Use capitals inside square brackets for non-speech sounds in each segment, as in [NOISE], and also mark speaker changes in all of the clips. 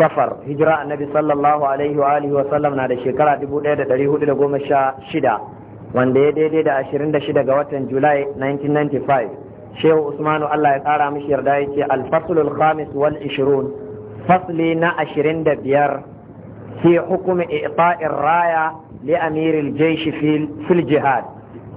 Speaker 1: safar hijira annabi sallallahu alaihi wa alihi wa sallam na da shekara 1416 wanda ya daidai da 26 ga watan Julai 1995 Shehu Usmanu Allah ya kara mishi yarda ya ce faslul khamis wal 20 fasli na 25 fi hukumi i'ta'ir raya li amiril jaysh fil jihad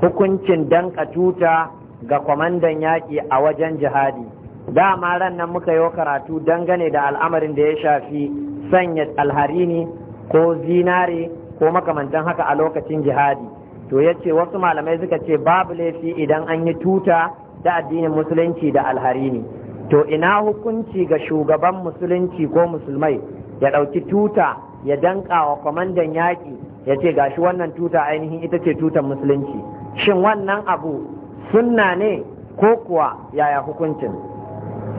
Speaker 1: hukuncin danka tuta ga kwamandan yaƙi a wajen jihadi dama ran nan muka yi karatu dangane da al'amarin da ya shafi sanya alharini ko zinare ko makamantan haka a lokacin jihadi to ya ce wasu malamai suka ce babu laifi idan an yi tuta da addinin musulunci da alharini to ina hukunci ga shugaban musulunci ko musulmai ya ɗauki tuta ya danka wa kwamandan yaƙi ya ce gashi wannan tuta ainihin ita ce tutar musulunci shin wannan abu sunna ne ko kuwa yaya hukuncin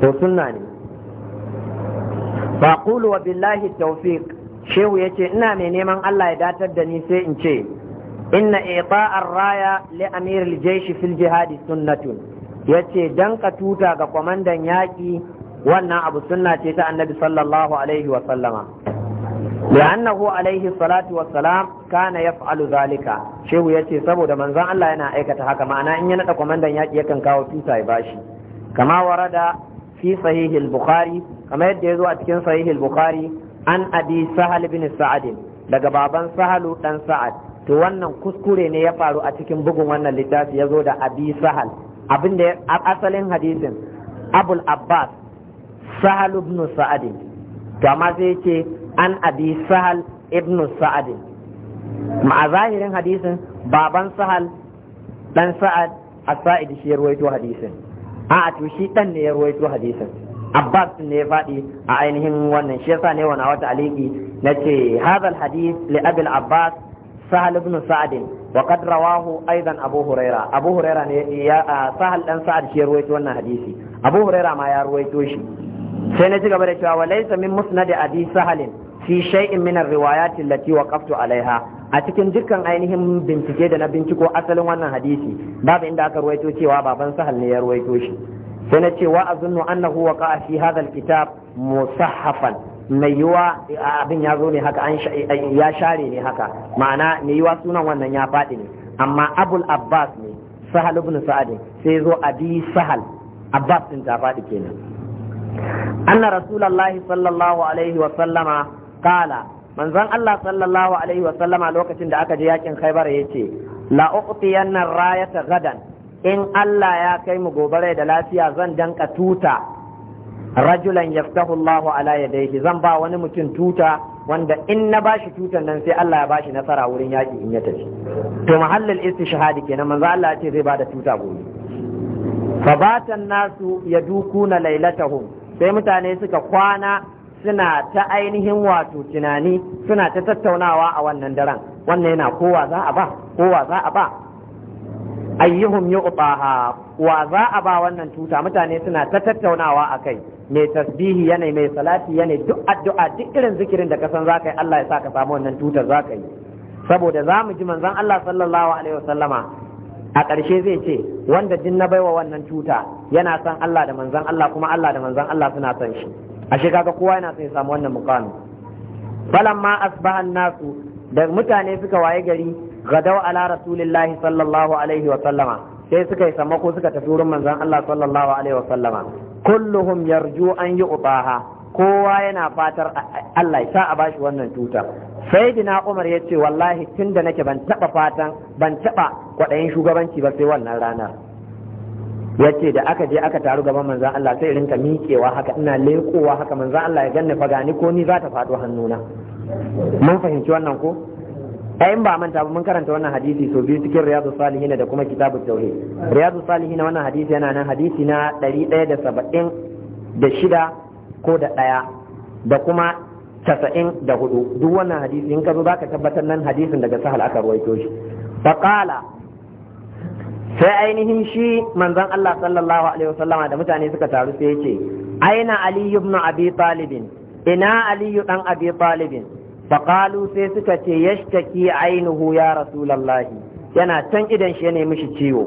Speaker 1: to sunna ne wa billahi taufiq shehu yace ina mai neman Allah ya datar da ni sai in ce inna iqa ar-raya li amir al-jaysh fil jihad sunnatun yace dan ka tuta ga komandan yaki wannan abu sunna ce ta annabi sallallahu alaihi wa sallama li'annahu alaihi salatu wa salam kana yaf'alu zalika shehu yace saboda manzon Allah yana aikata haka ma'ana in ya nada komandan yaki yakan kawo tuta ya bashi kama warada fi bukhari kamar yadda ya zo a cikin sahihil bukhari an abi sahal bin sa'ad daga baban sahalu dan sa'ad to wannan kuskure ne ya faru a cikin bugun wannan littafi ya zo da abi sahal abinda asalin hadisin abul abbas sahal ibn sa'ad to amma sai yake an abi sahal ibn sa'ad ma zahirin hadisin baban sahal dan sa'ad a said shi ruwaito hadisin a to shi dan ne ya ruwaito hadisin abbas ne ya faɗi a ainihin wannan shi yasa ne wani wata aliki ce hadha hadis li abi abbas sahal ibn sa'd wa qad rawahu aidan abu huraira abu huraira ne ya sahal dan sa'd shi ya ruwaito wannan hadisi abu huraira ma ya ruwaito shi sai na ci gaba da cewa wa laysa min musnad abi sahalin fi shay'in min ar-riwayat allati waqaftu alaiha a cikin dukkan ainihin bincike da na binciko asalin wannan hadisi babu inda aka ruwaito cewa baban sahal ne ya ruwaito shi sai na ce wa azunnu annahu waqa'a fi hadha al-kitab musaffafan mai yiwa abin ya zo ne haka an ya share ne haka ma'ana mai yiwa sunan wannan ya faɗi ne amma abul abbas ne sahal ibn sa'ad sai zo abi sahal abbas din ta faɗi kenan anna rasulullahi sallallahu alaihi wa sallama kala manzon Allah sallallahu alaihi wa sallama lokacin da aka je yakin Khaibar yace la uqtiyanna rayata gadan in Allah ya kai mu gobare da lafiya zan danka tuta rajulan yaftahu Allahu ala yadayhi zan ba wani mutum tuta wanda in na bashi tutan nan sai Allah ya bashi nasara wurin yaki in ya tafi to mahallul istishhadi kenan manzo Allah ya ce zai bada tuta gobe fabatan nasu ya lailatahum sai mutane suka kwana suna ta ainihin wato tunani suna ta tattaunawa a wannan daren wannan yana kowa za a ba kowa za a ba ayyuhum yu'taha wa za a ba wannan tuta mutane suna ta tattaunawa a kai mai tasbihi yanayi mai salati yanayi duk addu'a duk irin zikirin da ka san za ka yi Allah ya sa ka samu wannan tutar za ka yi saboda za mu ji manzon Allah sallallahu alaihi wasallama a ƙarshe zai ce wanda din na baiwa wannan tuta yana son Allah da manzon Allah kuma Allah da manzon Allah suna son shi ashe kaga kowa yana son ya samu wannan muqami ma asbaha nasu da mutane suka waye gari gadau ala rasulillahi sallallahu alaihi wa sallama sai suka yi samako suka tafi wurin manzon Allah sallallahu alaihi wa sallama kulluhum yarju an yu'taha kowa yana fatar Allah ya sa a bashi wannan tuta sai dina Umar ya ce wallahi tunda nake ban taba fatan ban taba kwaɗayin shugabanci ba sai wannan ranar ya ce da aka je aka taru gaban manzan Allah sai rinka miƙewa haka ina leƙowa haka manzan Allah ya ganni fa gani ko ni za ta faɗo hannuna mun fahimci wannan ko ayin ba manta ba mun karanta wannan hadisi so biyu cikin riyadu salihin da kuma kitabu tauhid riyadu salihin wannan hadisi yana nan hadisi na ɗari ɗaya da saba'in da shida ko da ɗaya da kuma casa'in da hudu duk wannan hadisi in ka zo za ka tabbatar nan hadisin daga sahal aka ruwaito shi faƙala sai ainihin shi manzon Allah sallallahu alaihi wasallama da mutane suka taru sai ya ce aina ali ibn abi talibin ina Aliyu dan abi talibin faqalu sai suka ce yashtaki ainihu ya lallahi, yana can idan shi ya ne mishi ciwo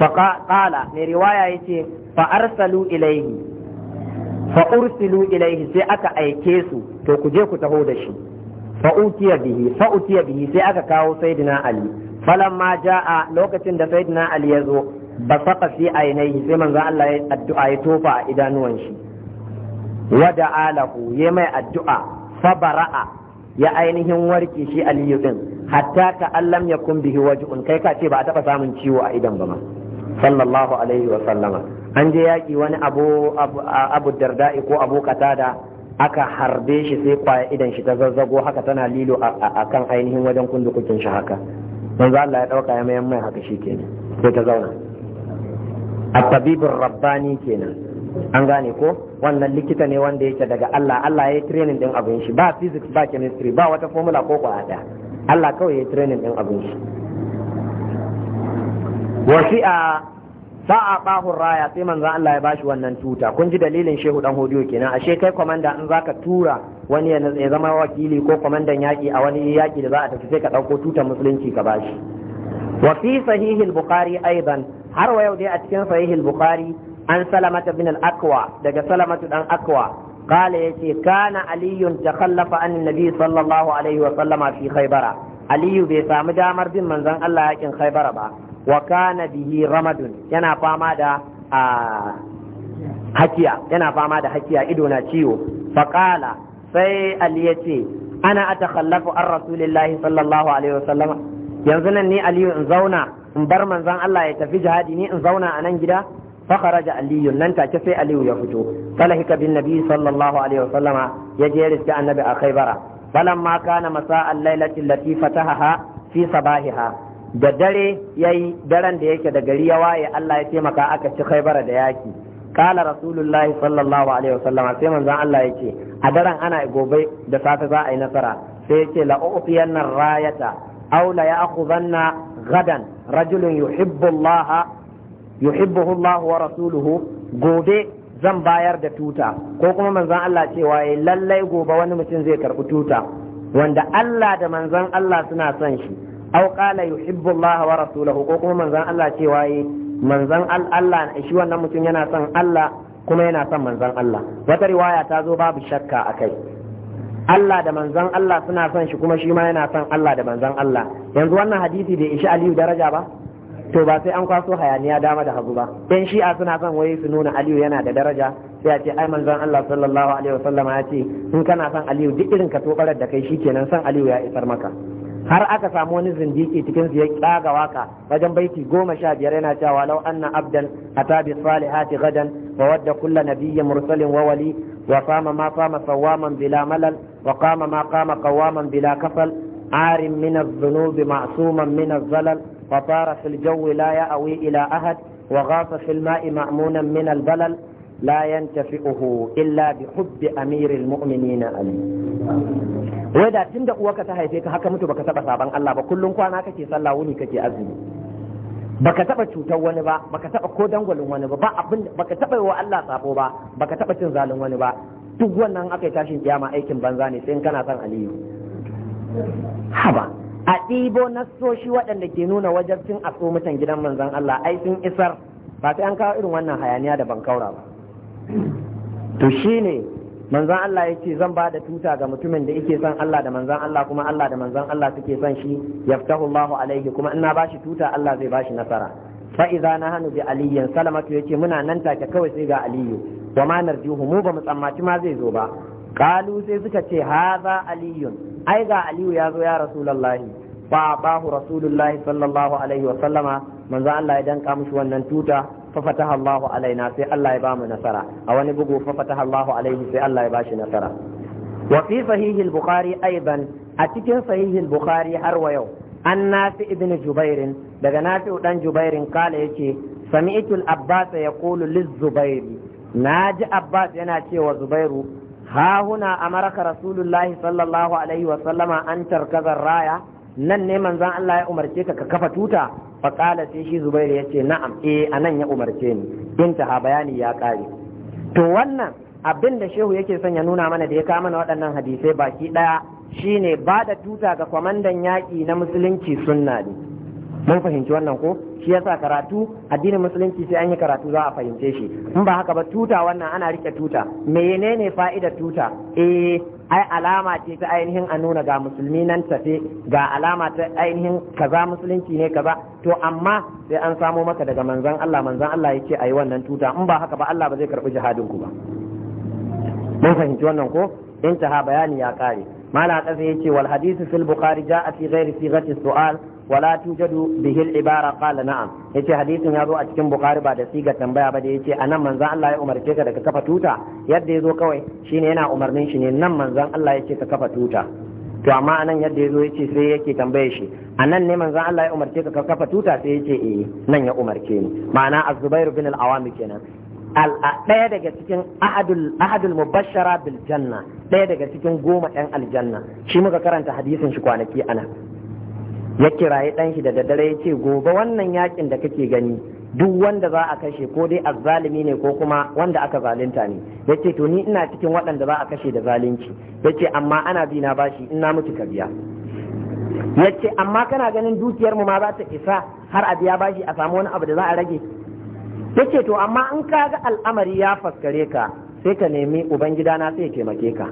Speaker 1: faqala mai riwaya yace fa arsalu ilaihi fa ursilu ilaihi sai aka aike su to ku je ku taho da shi fa bihi fa bihi sai aka kawo sayyidina ali Falan ma ja'a lokacin da sayyidina ali ya zo basaka fi ainihi sai manzo Allah ya addu'a ya tofa a idanuwan shi wada alahu ya mai addu'a fa bara'a ya ainihin warke shi aliyu ɗin. hatta ka allam yakun bihi waj'un kai ka ce ba a taba samun ciwo a idan ba ma sallallahu alaihi wa sallama an je yaki wani abu abu darda'i ko abu katada aka harbe shi sai kwaya idan shi ta zazzago haka tana lilo a kan ainihin wajen kundukukin shi haka manzo Allah ya dauka ya mayan mai haka shikenan sai ta zauna a tabibin rabbani kenan an gane ko wannan likita ne wanda yake daga Allah Allah ya yi training din abin shi ba physics ba chemistry ba wata formula ko kwa daya Allah kawai ya yi training din abin shi a sa'a ɓahun raya sai manzo Allah ya bashi wannan tuta kun ji dalilin shehu dan hodiyo kenan ashe kai komanda in zaka tura wani ya zama wakili ko kwamandan yaƙi a wani yaƙi da za a tafi sai ka ɗauko tutar musulunci ka bashi wa fi sahihil bukhari aidan har wa yau dai a cikin sahihil bukhari an salamata bin al-akwa daga salamatu dan akwa qala yace kana aliyun takhallafa an nabi sallallahu alaihi wa sallama fi khaybara aliyu bai samu damar bin manzon Allah yakin khaybara ba wa kana bihi ramadun yana fama da ah, hakiya yana fama da hakiya ido na ciwo faqala sai ali ya ce ana atakhallafu an rasulillahi sallallahu alaihi wasallama yanzu nan ni aliyu in zauna in bar manzon Allah ya tafi jihadi ni in zauna a nan gida fa aliyu nan take sai aliyu ya fito falahika bin nabi sallallahu alaihi wasallama ya je riska annabi a khaybara falamma kana masa'al lailati allati fatahaha fi sabahiha da dare yayi daren da yake da gari ya waye Allah ya taimaka aka ci khaybara da yaki kala rasulullahi sallallahu alaihi wasallam sai manzon Allah yace a daren ana gobe da safe za a yi nasara sai yace la ufiyanna rayata aw la ya'khuzanna gadan rajulun
Speaker 2: yuhibbu
Speaker 1: rasuluhu gobe zan bayar da tuta ko kuma manzon Allah cewa lallai gobe wani mutum zai karbi tuta wanda Allah da manzon Allah suna son shi aukala qala yuhibbu Allah rasuluhu ko kuma manzon Allah cewa manzan Allah shi wannan mutum yana son Allah kuma yana son manzan Allah wata riwaya ta zo babu shakka a kai Allah da manzan Allah suna son shi kuma shi ma yana son Allah da manzan Allah yanzu wannan hadisi bai ishi Aliyu daraja ba to ba sai an kwaso hayaniya dama da hagu ba dan shi'a suna son waye su nuna Aliyu yana da daraja sai a ce ai manzan Allah sallallahu alaihi wasallama ya ce in kana son Aliyu duk irin ka tobarar da kai shikenan son Aliyu ya isar maka har aka samu wani zindiki cikin su ya kaga waka wajen baiti goma sha biyar yana cewa law anna abdan ata bi salihati gadan wa wadda kulla nabiyyi mursalin wa wali wa ma fama sawaman bila malal wa qama ma qama qawaman bila kafal عار من الذنوب معصوما من الزلل وطار في الجو لا يأوي إلى أحد وغاص في الماء مأمونا من البلل لا ينتفعه إلا بحب أمير المؤمنين علي وإذا تند أوكا haka هكا متو بكا تبا سابان الله بكل كوانا كتي صلى وني كتي أزمي baka taba cutar wani ba baka taba ko dangwalin wani ba ba abin baka taba wa Allah sabo ba baka taba cin zalin wani ba duk wannan akai tashin kiyama aikin banza ne sai in kana san aliyu haba a ɗibo shi waɗanda ke nuna wajen cin a mutan gidan manzon Allah ai sun isar ba sai an kawo irin wannan hayaniya da ban kaura ba to shi ne manzan Allah ya ce zan ba da tuta ga mutumin da yake son Allah da manzan Allah kuma Allah da manzan Allah suke son shi ya fitahu Allahu alaihi kuma ina ba shi tuta Allah zai ba shi nasara fa idza nahanu bi aliyyin salamatu yace muna nan take kawai sai ga aliyu wa ma narjuhu mu ba mu tsammaci ma zai zo ba kalu sai suka ce haza aliyun ai ga aliyu ya zo ya rasulullahi Ba a bahu rasulullahi sallallahu alaihi wa sallama manzo Allah ya danka mushi wannan tuta fa fataha Allahu alaina sai Allah ya bamu nasara a wani bugu fa fataha Allahu alaihi sai Allah ya bashi nasara wa fi sahihi al-bukhari aidan a cikin sahihi al-bukhari har wa yau an nafi ibn jubair daga nafi dan jubair kala yace sami'tu al-abbas yaqulu liz-zubair naji abbas yana cewa zubairu ha huna amaraka rasulullahi sallallahu alaihi wa sallama an tarkaza raya nan ne manzon Allah ya umarce ka ka kafa tuta fa qala sai shi Zubairu ce na'am eh anan ya umarce ni ta bayani ya kare to wannan abin da shehu yake son ya nuna mana da ya kama mana waɗannan hadisai baki ɗaya shine ba da tuta ga kwamandan yaƙi na musulunci sunna ne mun fahimci wannan ko shi yasa karatu addinin musulunci sai an yi karatu za a fahimce shi in ba haka ba tuta wannan ana rike tuta menene fa'idar tuta eh ai alama ce ta ainihin a nuna ga musulmi nan tafe ga alama ta ainihin kaza musulunci ne kaza to amma sai an samo maka daga manzan, Allah manzan Allah yake ayi wannan tuta in ba haka ba Allah ba zai karbi jihadin ku ba mun fahimci wannan ko intaha bayani ya kare mala kasa yace wal hadithu fil bukhari ja'a fi ghairi sighati su'al wala tujadu bihi al-ibara qala na'am yace hadisin ya zo a cikin bukhari ba da sigar tambaya ba da yace anan manzon Allah ya umarce ka daga kafa tuta yadda ya zo kawai shine yana umarnin shi ne nan Allah ka kafa tuta to amma anan yadda ya zo yace sai yake tambaye shi anan ne manzon Allah ya umarce ka kafa tuta sai yace eh nan ya umarce ni ma'ana az-zubair bin al-awami kenan daya daga cikin ahadul mubashara bil janna ɗaya daga cikin goma ɗan aljanna shi muka karanta hadisin shi kwanaki ana ya kiraye ɗan shi da daddare ya ce gobe wannan yakin da kake gani duk wanda za a kashe ko dai azzalimi ne ko kuma wanda aka zalunta ne ya ce to ni ina cikin waɗanda za a kashe da zalunci ya ce amma ana bi na bashi ina mutu ka biya ya ce amma kana ganin dukiyar mu ma za ta isa har a biya bashi a samu wani abu da za a rage ya ce to amma in ka ga al'amari ya faskare ka sai ka nemi ubangida na sai ya taimake ka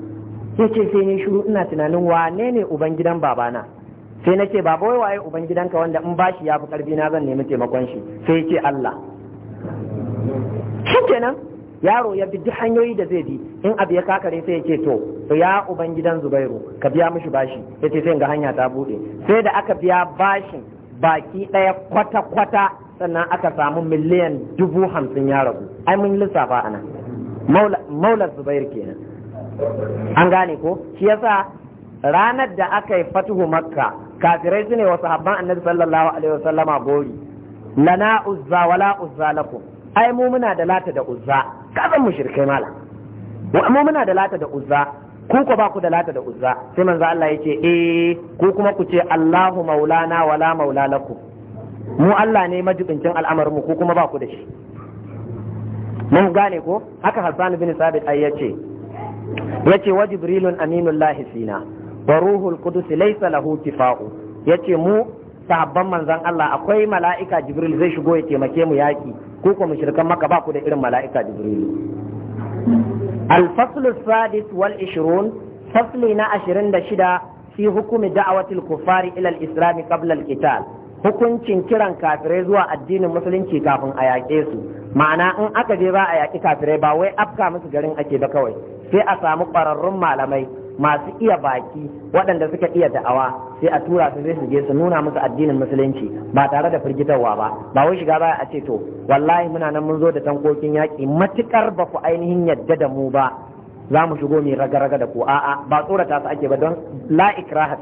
Speaker 1: ya ce sai ni shiru ina tunanin wane ne ubangidan babana sai na ce baba wai waye ubangidanka wanda in bashi ya fi karfi na zan nemi taimakon shi sai ce Allah shi kenan yaro ya bi hanyoyi da zai bi in abu ya kakare sai ya ce to ya ubangidan Zubairu ka biya mishi bashi ya ce sai ga hanya ta bude sai da aka biya bashin baki ɗaya kwata-kwata sannan aka samu miliyan dubu hamsin ya ragu ai mun lissafa ana maula Zubair kenan an gane ko shi yasa ranar da aka yi fatuhu makka kafirai su ne wa sahabban annabi sallallahu alaihi wasallama gori lana uzza wala uzza lakum ai mu muna da lata da uzza kazan mushrikai mala mu muna da lata da uzza ku ko ba ku da lata da uzza sai manzo Allah yace eh ku kuma ku ce Allahu maulana wala maula lakum mu Allah ne majibincin al'amarin mu ku kuma ba ku da shi mun gane ko haka Hassan bin Sabit ai yace yace wa Jibrilun aminullahi fina wa ruhul qudus laysa lahu tifa'u yace mu sahabban manzon Allah akwai mala'ika Jibril zai shigo ya taimake mu yaki ko ko mushrikan maka ba ku da irin mala'ika Jibril al-faslu sadis wal 20 fasli na 26 fi hukumi da'awatil hukumi ila al-islam qabla al-qital hukuncin kiran kafirai zuwa addinin musulunci kafin a yaƙe su ma'ana in aka je ba a yaƙi kafirai ba wai afka musu garin ake ba kawai sai a samu ƙwararrun malamai masu iya baki waɗanda suka iya da'awa sai a tura su zai su je su nuna musu addinin musulunci ba tare da firgitarwa ba ba wai shiga baya a ce to wallahi muna nan mun zo da tankokin yaƙi matukar ba ku ainihin yadda da mu ba za mu shigo mai raga-raga da ku a'a ba tsorata su ake ba don la ikraha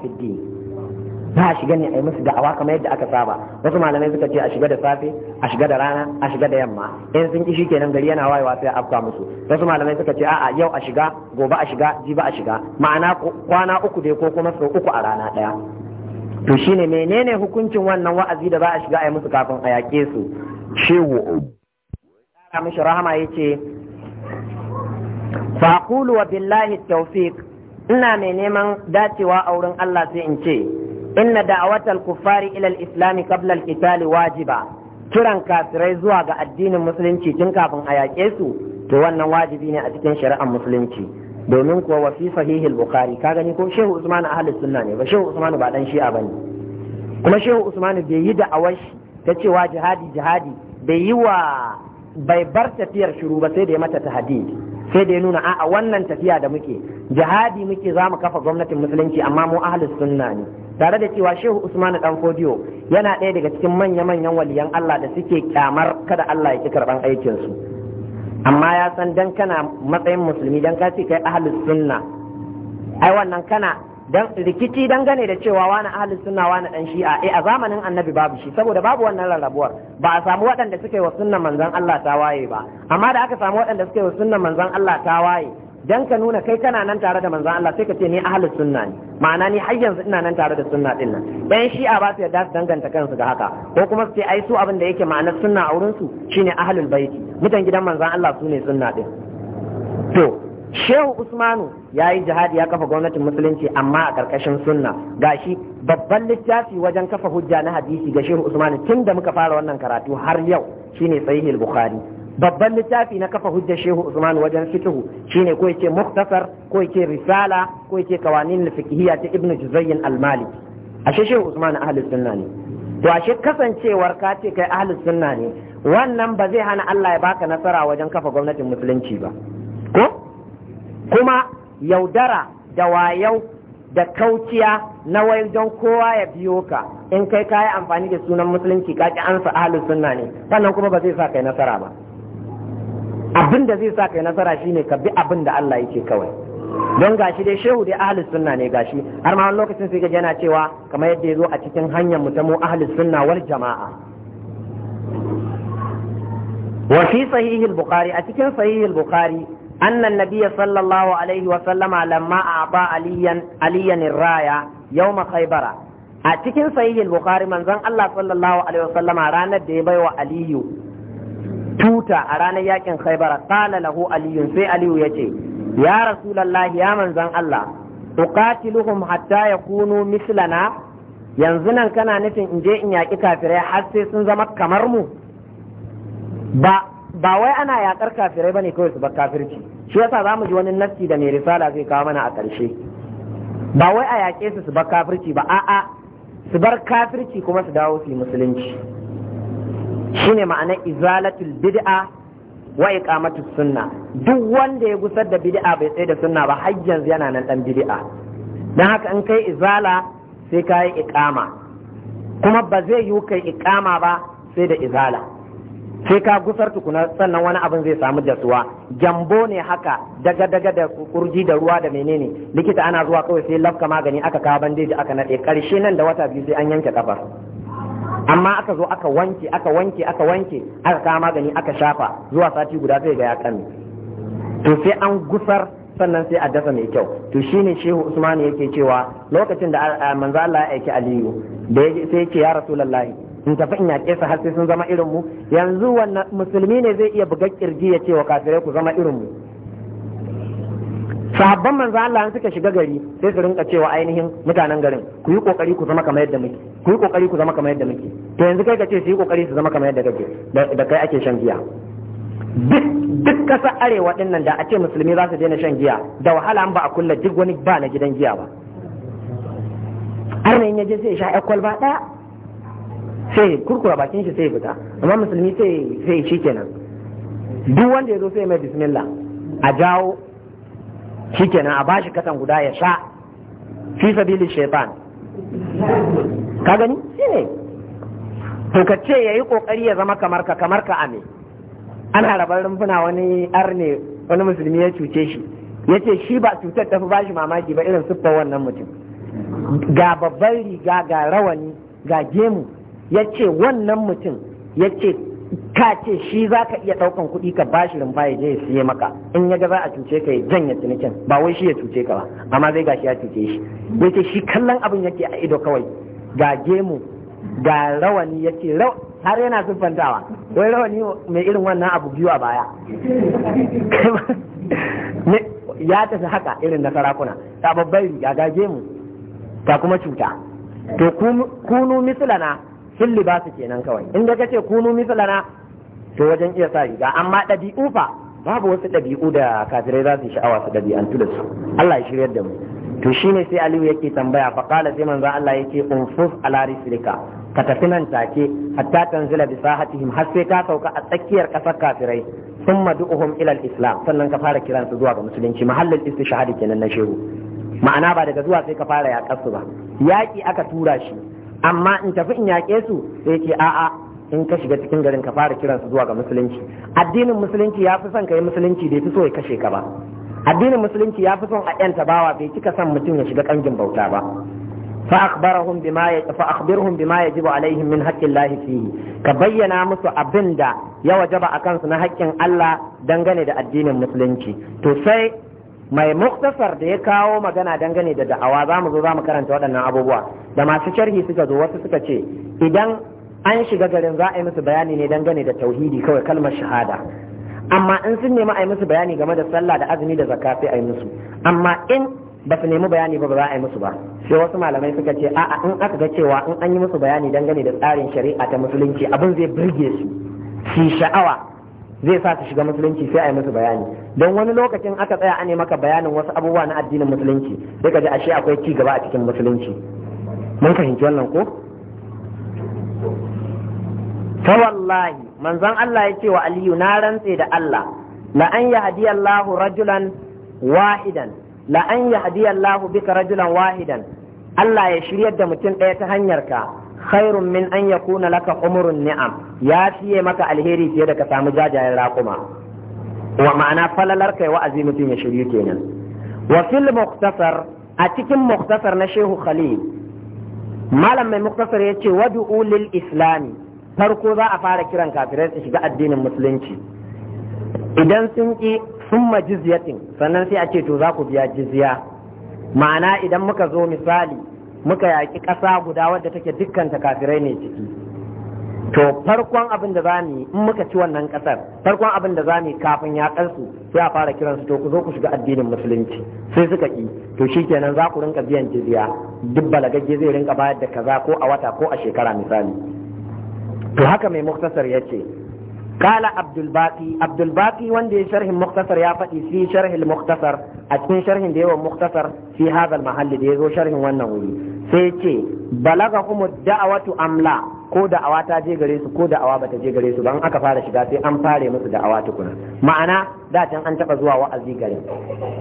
Speaker 1: za a shiga ne a yi musu da'awa kamar yadda aka saba wasu malamai suka ce a shiga da safe a shiga da rana a shiga da yamma in sun kishi kenan gari yana wayewa sai a afka musu wasu malamai suka ce a'a yau a shiga gobe a shiga jibi a shiga ma'ana kwana uku dai ko kuma sau uku a rana daya to shine menene hukuncin wannan wa'azi da za a shiga a yi musu kafin a yaƙe su shewo mishi rahama ya ce qulu wa billahi tawfiq ina mai neman dacewa a wurin Allah sai in ce inna da'awatal kuffari ila al-islam qabla al-qital wajiba kiran kafirai zuwa ga addinin musulunci tun kafin a yaƙe su to wannan wajibi ne a cikin shari'ar musulunci domin kuwa wa fi sahihi al-bukhari ka gani ko shehu usman ahli sunna ne ba shehu usman ba dan shi'a bane kuma shehu usman bai yi da'awar ta cewa jihadi jihadi bai yi wa bai bar tafiyar shiru ba sai da ya mata tahdidi sai da ya nuna a'a wannan tafiya da muke jihadi muke za mu kafa gwamnatin musulunci amma mu ahli sunna ne tare da cewa shehu usmanu dan fodiyo yana ɗaya daga cikin manya-manyan waliyan allah da suke kyamar kada allah ya ki karɓan aikinsu amma ya san dan kana matsayin musulmi dan ka ce kai ahlus sunna ai wannan kana dan rikici dangane da cewa wani ahlus sunna wani dan shi'a eh a zamanin annabi babu shi saboda babu wannan rarrabuwar ba a samu waɗanda suka yi wa sunna manzon Allah ta waye ba amma da aka samu waɗanda suka yi wa sunna manzon Allah ta waye dan ka nuna kai kana nan tare da manzon Allah sai ka ce ni ahlus sunna ne ma'ana ni har yanzu ina nan tare da sunna din nan dan shi'a ba su yarda su danganta kansu ga haka ko kuma su ce ai su abin da yake ma'anar sunna a wurin su shine ahlul baiti mutan gidan manzon Allah su ne sunna din to Shehu Usmanu ya yi jihadi ya kafa gwamnatin musulunci amma a ƙarƙashin sunna gashi babban littafi wajen kafa hujja na hadisi ga Shehu Usmanu tun da muka fara wannan karatu har yau shine Sahih Bukhari babban littafi na kafa hujjar shehu usman wajen fikihu shine ko yake muktasar ko yake risala ko yake kawanin fiqhiyya ta ibnu juzayyin al-malik ashe shehu usman ahli sunna ne to ashe kasancewar ka ce kai ahli sunna ne wannan ba zai hana Allah ya baka nasara wajen kafa gwamnatin musulunci ba ko kuma yaudara da wayau da kauciya na wai don kowa ya biyo ka in kai yi amfani da sunan musulunci ka ki ansa ahli sunna ne Wannan kuma ba zai sa kai nasara ba abin da zai sa kai nasara shine ka bi abin da Allah yake kawai don gashi dai shehu dai ahli sunna ne gashi har ma wani lokacin sai ga yana cewa kamar yadda ya zo a cikin hanyar mu ta mu ahli sunna wal jama'a wa fi sahihi al-bukhari a cikin sahihi al-bukhari anna an sallallahu alaihi wa sallama lamma aba aliyan aliyan ar-raya yawm khaybara a cikin sahihi al-bukhari manzon Allah sallallahu alaihi wa sallama ranar da ya baiwa aliyu tuta a ranar yakin khaibara qala lahu aliyu sai aliyu ya ce, ya rasulullah ya manzan Allah uqatiluhum hatta yakunu mislana yanzu nan kana nufin in je in yaki kafirai har sai sun zama kamar mu ba ba wai ana yakar kafirai bane kawai su ba kafirci shi yasa zamu ji wani nafsi da mai risala zai kawo mana a karshe ba wai a yaƙe su su bar kafirci ba a'a su bar kafirci kuma su dawo su yi musulunci shine ma'anar izalatul bid'a wa iqamatus sunna duk wanda ya gusar da bid'a bai tsaye da sunna ba har yanzu yana nan dan bid'a dan haka in kai izala sai kai iqama kuma ba zai yi kai iqama ba sai da izala sai ka gusar tukuna sannan wani abin zai samu jasuwa jambo ne haka daga daga da kurji da ruwa da menene likita ana zuwa kawai sai lafka magani aka kawo bandeji aka nade karshe nan da wata biyu sai an yanke kafar amma aka zo aka wanke aka wanke aka wanke aka kama magani aka shafa zuwa sati guda zai ga ya kame to sai an gusar sannan sai a dasa mai kyau to shine shehu usman yake cewa lokacin da manzo Allah ya aiki aliyu da sai yake ya rasulullahi in tafi in yaƙe su har sai sun zama irin mu yanzu wannan musulmi ne zai iya buga kirgi ya ce wa kafirai ku zama irin mu Sabon manzo Allah suka shiga gari sai su rinka cewa ainihin mutanen garin ku yi kokari ku zama kamar yadda muke ku yi kokari ku zama kamar yadda muke to yanzu kai ka ce su yi kokari su zama kamar yadda kake da kai ake shan giya duk duk kasa arewa din nan da a ce musulmi za su daina shan giya da wahala an ba a kulla duk wani ba na gidan giya ba har ne yaje sai sha ekwal ba daya sai kurkura bakin shi sai fita amma musulmi sai sai shikenan duk wanda ya zo sai mai bismillah a jawo shikenan a bashi katan guda ya sha fi sabili shaitan ka gani ne to ka ce yayi kokari ya zama kamar ka kamar ka ame ana rabar rumfuna wani arne wani musulmi ya cuce shi ya ce shi ba cutar tafi bashi mamaki ba irin siffa wannan mutum ga babban riga ga rawani ga gemu ya ce wannan mutum ya ce ka ce shi za ka iya ɗaukan kuɗi ka bashi rumfa ya je ya siye maka in ya ga za a cuce ka ya janye cinikin ba wai shi ya cuce ka ba amma zai gashi ya cuce shi ya ce shi kallon abin yake a ido kawai ga gemu ga rawani yake har yana siffantawa wai rawani mai irin wannan abu biyu a baya ya tafi haka irin na sarakuna ta babbar riga ga gemu ta kuma cuta to kunu mislana sun libasu kenan kawai in da kace kunu misalana. to wajen iya sa riga amma ɗabi'u fa babu wasu ɗabi'u da kafirai za su sha'awa su ɗabi'antu da su Allah ya shiryar da mu to shi ne sai Aliyu yake tambaya fa qala sai manzo Allah yake unfus ala rislika ka tafi nan take hatta tanzila bi sahatihim har sai ka sauka a tsakiyar kasar kafirai thumma du'uhum ila al-islam sannan ka fara kiran su zuwa ga musulunci mahallin istishhadi kenan na shehu ma'ana ba daga zuwa sai ka fara yaƙar su ba yaƙi aka tura shi amma in tafi in yaƙe su sai ce a'a in ka shiga cikin garin ka fara su zuwa ga musulunci addinin musulunci ya fi son ka yi musulunci bai fi so ya kashe ka ba addinin musulunci ya fi son a yanta bawa bai kika son mutum ya shiga kangin bauta ba bima ya بما فأخبرهم بما يجب min من حق الله ka bayyana musu abinda ya wajaba akan su na haƙƙin Allah dangane da addinin musulunci to sai mai muktasar da ya kawo magana dangane da da'awa za mu zo za mu karanta waɗannan abubuwa da masu sharhi suka zo wasu suka ce idan an shiga garin za a yi musu bayani ne dangane da tauhidi kawai kalmar shahada amma in sun nemi a yi musu bayani game da sallah da azumi da zakka sai a yi musu amma in ba su nemi bayani ba ba za a yi musu ba sai wasu malamai suka ce a in aka ga cewa in an yi musu bayani dangane da tsarin shari'a ta musulunci abin zai burge su su sha'awa zai sa su shiga musulunci sai a yi musu bayani don wani lokacin aka tsaya an maka bayanin wasu abubuwa na addinin musulunci sai ka ji ashe akwai ci gaba a cikin musulunci mun fahimci wannan ko ta wallahi manzon Allah ya ce wa aliyu na rantse da Allah la an yahdi Allahu rajulan wahidan la an yahdi Allahu bika rajulan wahidan Allah ya shiryar da mutum ɗaya ta hanyar ka khairun min an yakuna laka umurun ni'am ya fiye maka alheri fiye da ka samu jajayen raƙuma wa ma'ana falalar kai wa'azi mutum ya shiryu kenan wa fil muktasar a cikin muktasar na shehu khalil malam mai muktasar ya ce wadu'u lil islami farko za a fara kiran kafirai su shiga addinin musulunci idan sun ki ma jizyatin sannan sai a ce to za ku biya jizya ma'ana idan muka zo misali muka yaƙi ƙasa guda wadda take dukkanta kafirai ne ciki to farkon abin da za mu in muka ci wannan ƙasar farkon abin da za mu kafin ya ƙarsu sai a fara kiran su to ku zo ku shiga addinin musulunci sai suka ki to shikenan za ku rinka biyan jizya duk balagagge zai rinka bayar da kaza ko a wata ko a shekara misali to haka mai muktasar ya ce kala abdulbaki abdulbaki wanda ya sharhin muktasar ya faɗi fi sharhin muktasar a cikin sharhin da yawan muktasar fi hadal mahalli da ya zo sharhin wannan wuri sai ce balaga kuma da'awatu amla ko da'awa ta je gare su ko da'awa bata je gare su ban aka fara shiga sai an fare musu da'awa tukuna ma'ana da can an taba zuwa wa'azi gare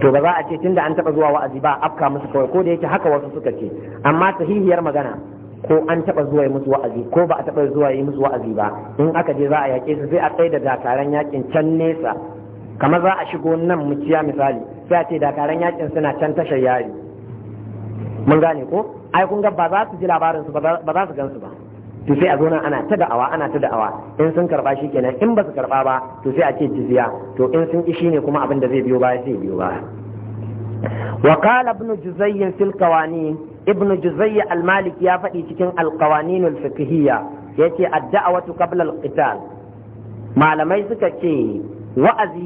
Speaker 1: to ba za a ce tunda an taba zuwa wa'azi ba afka musu kawai ko da yake haka wasu suka ce amma sahihiyar magana ko an taba zuwa yi musu wa'azi ko ba a taba zuwa yi musu wa'azi ba in aka je za a yaƙe su sai a tsaye da dakaran yaƙin can nesa kamar za a shigo nan mu ciya misali sai a ce dakaran yaƙin suna can tashar yari mun gane ko ai kun ga ba za su ji labarin su ba za su gan su ba to sai a zo nan ana ta da'awa ana ta da'awa in sun karba shi kenan in ba su karba ba to sai a ce jizya to in sun ki ne kuma abin da zai biyo baya sai biyo baya وقال ابن جزي في القوانين ibn juzayya al-malik ya faɗi cikin al-qawanin al-fiqhiyya yace ad-da'watu qabla al-qital malamai suka ce wa'azi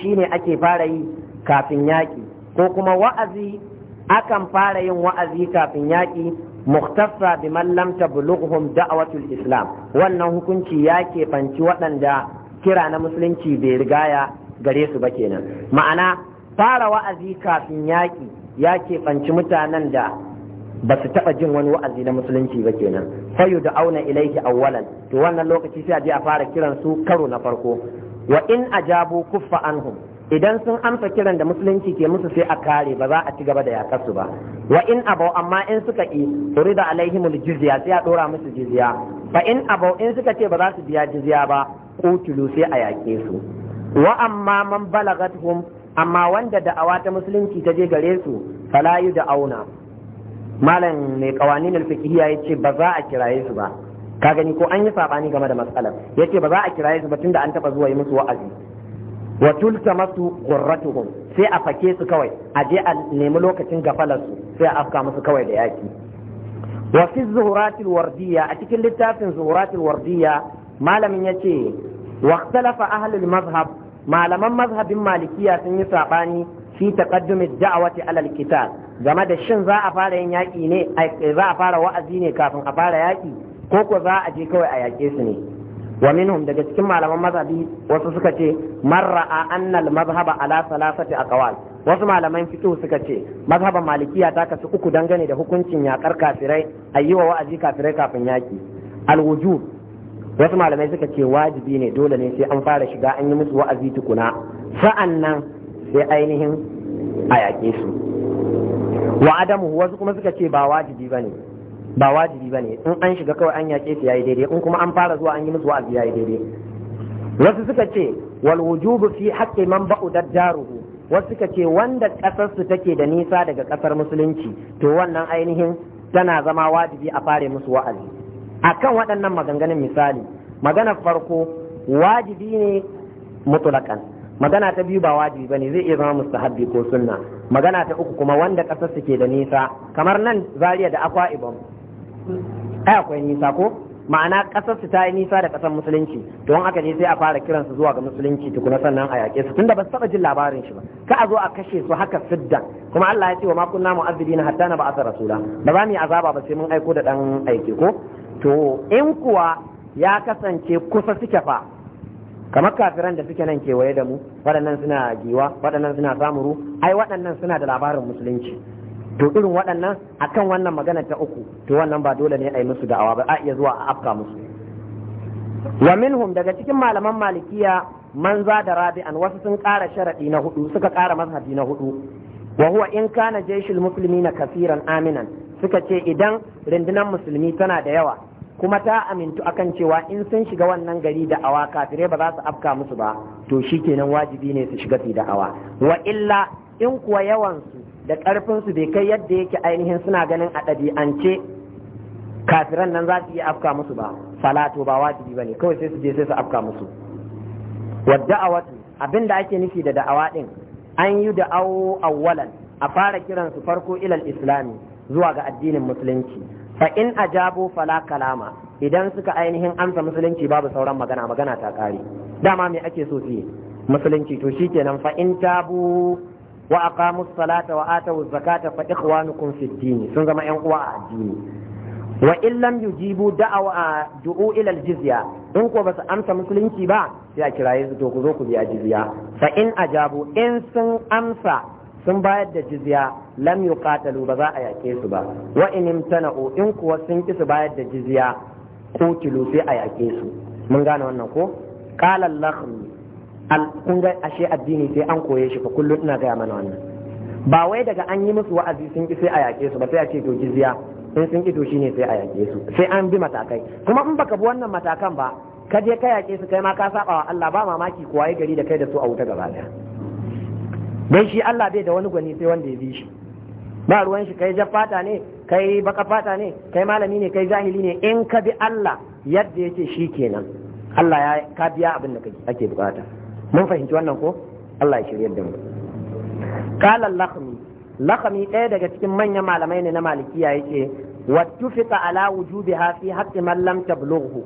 Speaker 1: shine ake fara yi kafin yaki ko kuma wa'azi akan fara yin wa'azi kafin yaƙi? muktasa bi man lam tablughuhum da'watul islam wannan hukunci ya keɓanci waɗanda kira na musulunci bai rigaya gare su ba kenan ma'ana fara wa'azi kafin yaƙi ya keɓanci mutanen da ba su taɓa jin wani wa'azi na musulunci ba kenan fa da auna ilayhi awwalan to wannan lokaci sai a je a fara kiran su karo na farko wa in ajabu kuffa anhum idan sun amsa kiran da musulunci ke musu sai a kare ba za a ci gaba da yakar su ba wa in abau amma in suka yi urida alaihim aljizya sai a dora musu jizya fa in abau in suka ce ba za su biya jizya ba qutulu sai a yake su wa amma man balagathum amma wanda da'awa ta musulunci ta je gare su fala da auna malam mai kawanin ya yace ba za a kiraye su ba ka gani ko an yi sabani game da matsalar ce ba za a kiraye su ba tunda an taba zuwa yi musu wa'azi wa masu qurratuhum sai a fake su kawai a je a nemi lokacin gafalar su sai a afka musu kawai da yaki wa fi zuhuratil wardiya a cikin littafin zuhuratil wardiya malamin yace wa ahlul mazhab malaman mazhabin malikiya sun yi sabani fi taqaddumi da'wati ala alkitab game da shin za a fara yin yaki ne za a fara wa'azi ne kafin a fara yaki ko ko za a je kawai a yake su ne wa minhum daga cikin malaman mazhabi wasu suka ce marra a annal mazhaba ala salasati aqwal wasu malaman fito suka ce mazhaban malikiya ta kasu uku dangane da hukuncin yakar kafirai ayyuwa wa'azi kafirai kafin yaki al wasu malamai suka ce wajibi ne dole ne sai an fara shiga an yi musu wa'azi tukuna sa'an nan sai ainihin a yaƙe su wa adamu wasu kuma suka ce ba wajibi ne, ba wajibi ne, in an shiga kawai an yaƙe su yayi daidai in kuma an fara zuwa an yi musu wa'azi yayi daidai wasu suka ce wal wujubu fi haqqi man ba'udat daruhu wasu suka ce wanda kasar su take da nisa daga kasar musulunci to wannan ainihin tana zama wajibi a fare musu wa'azi akan waɗannan maganganun misali magana farko wajibi ne mutulakan magana ta biyu ba wajibi bane zai iya zama mustahabbi ko sunna magana ta uku kuma wanda ƙasar su ke da nisa kamar nan Zariya da akwa ibom ai akwai nisa ko ma'ana ƙasar su ta yi nisa da ƙasar musulunci don aka ne sai a fara kiransu zuwa ga musulunci tukuna sannan a yaƙe su tunda ba su taɓa jin labarin shi ba ka a zo a kashe su haka sidda kuma Allah ya ce wa ma kunna mu'azzibina hatta na ba'atha rasula ba za mu yi azaba ba sai mun aiko da dan aike ko to in kuwa ya kasance kusa suke fa kamar kafiran da suke nan kewaye da mu waɗannan suna giwa waɗannan suna samuru ai waɗannan suna da labarin musulunci to irin waɗannan akan wannan magana ta uku to wannan ba dole ne a yi musu da'awa ba a iya zuwa a afka musu wa minhum daga cikin malaman malikiya man za da rabi'an wasu sun ƙara sharaɗi na hudu suka ƙara mazhabi na hudu wa huwa in kana jaishul muslimina kafiran aminan suka ce idan rundunar musulmi tana da yawa kuma ta amintu akan cewa in sun shiga wannan gari da awa kafirai ba za su afka musu ba to shi kenan wajibi ne su shiga da awa wa illa in kuwa yawansu da ƙarfinsu bai kai yadda yake ainihin suna ganin a ɗabi'ance kafiran nan za su iya afka musu ba salatu ba wajibi ba ne kawai sai su je sai su afka musu wa da'awatu abin da ake nufi da da'awa din, an yi da'awo awwalan a fara kiransu farko ilal islami zuwa ga addinin musulunci fa in ajabu fala kalama idan suka ainihin amsa musulunci babu sauran magana magana ta kare dama me ake so fiye musulunci to shikenan fa in tabu wa aqamu salata wa atu zakata fa ikhwanukum fi din sun zama yan uwa a addini wa in lam yujibu da'wa du'u ila aljizya in ko basu amsa musulunci ba sai a kiraye su to ku zo ku biya jizya fa in ajabu in sun amsa sun bayar da jizya lam katalu ba za a yake su ba wa in imtana'u in kuwa sun ki su bayar da jizya kilo sai a yake su mun gane wannan ko kalan al-lakhmi kun ga ashe addini sai an koye shi fa kullum ina gaya mana wannan ba wai daga an yi musu wa'azi sun ki sai a yake su ba sai a ce to jizya in sun ki to shine sai a yake su sai an bi matakai kuma in baka bi wannan matakan ba ka je ka yake su kai ma ka saba wa Allah ba mamaki kuwa gari da kai da su a wuta gaba daya dan shi Allah bai da wani gwani sai wanda ya bi shi ba ruwan shi kai fata ne kai baka fata ne kai malami ne kai jahili ne in ka bi Allah yadda yake shi kenan Allah ya ka biya abin da ake bukata mun fahimci wannan ko Allah ya shirye da mu qala lakhmi lakhmi ɗaya daga cikin manyan malamai ne na malikiya yake wattufiqa ala wujubiha hafi haqqi man lam tablughu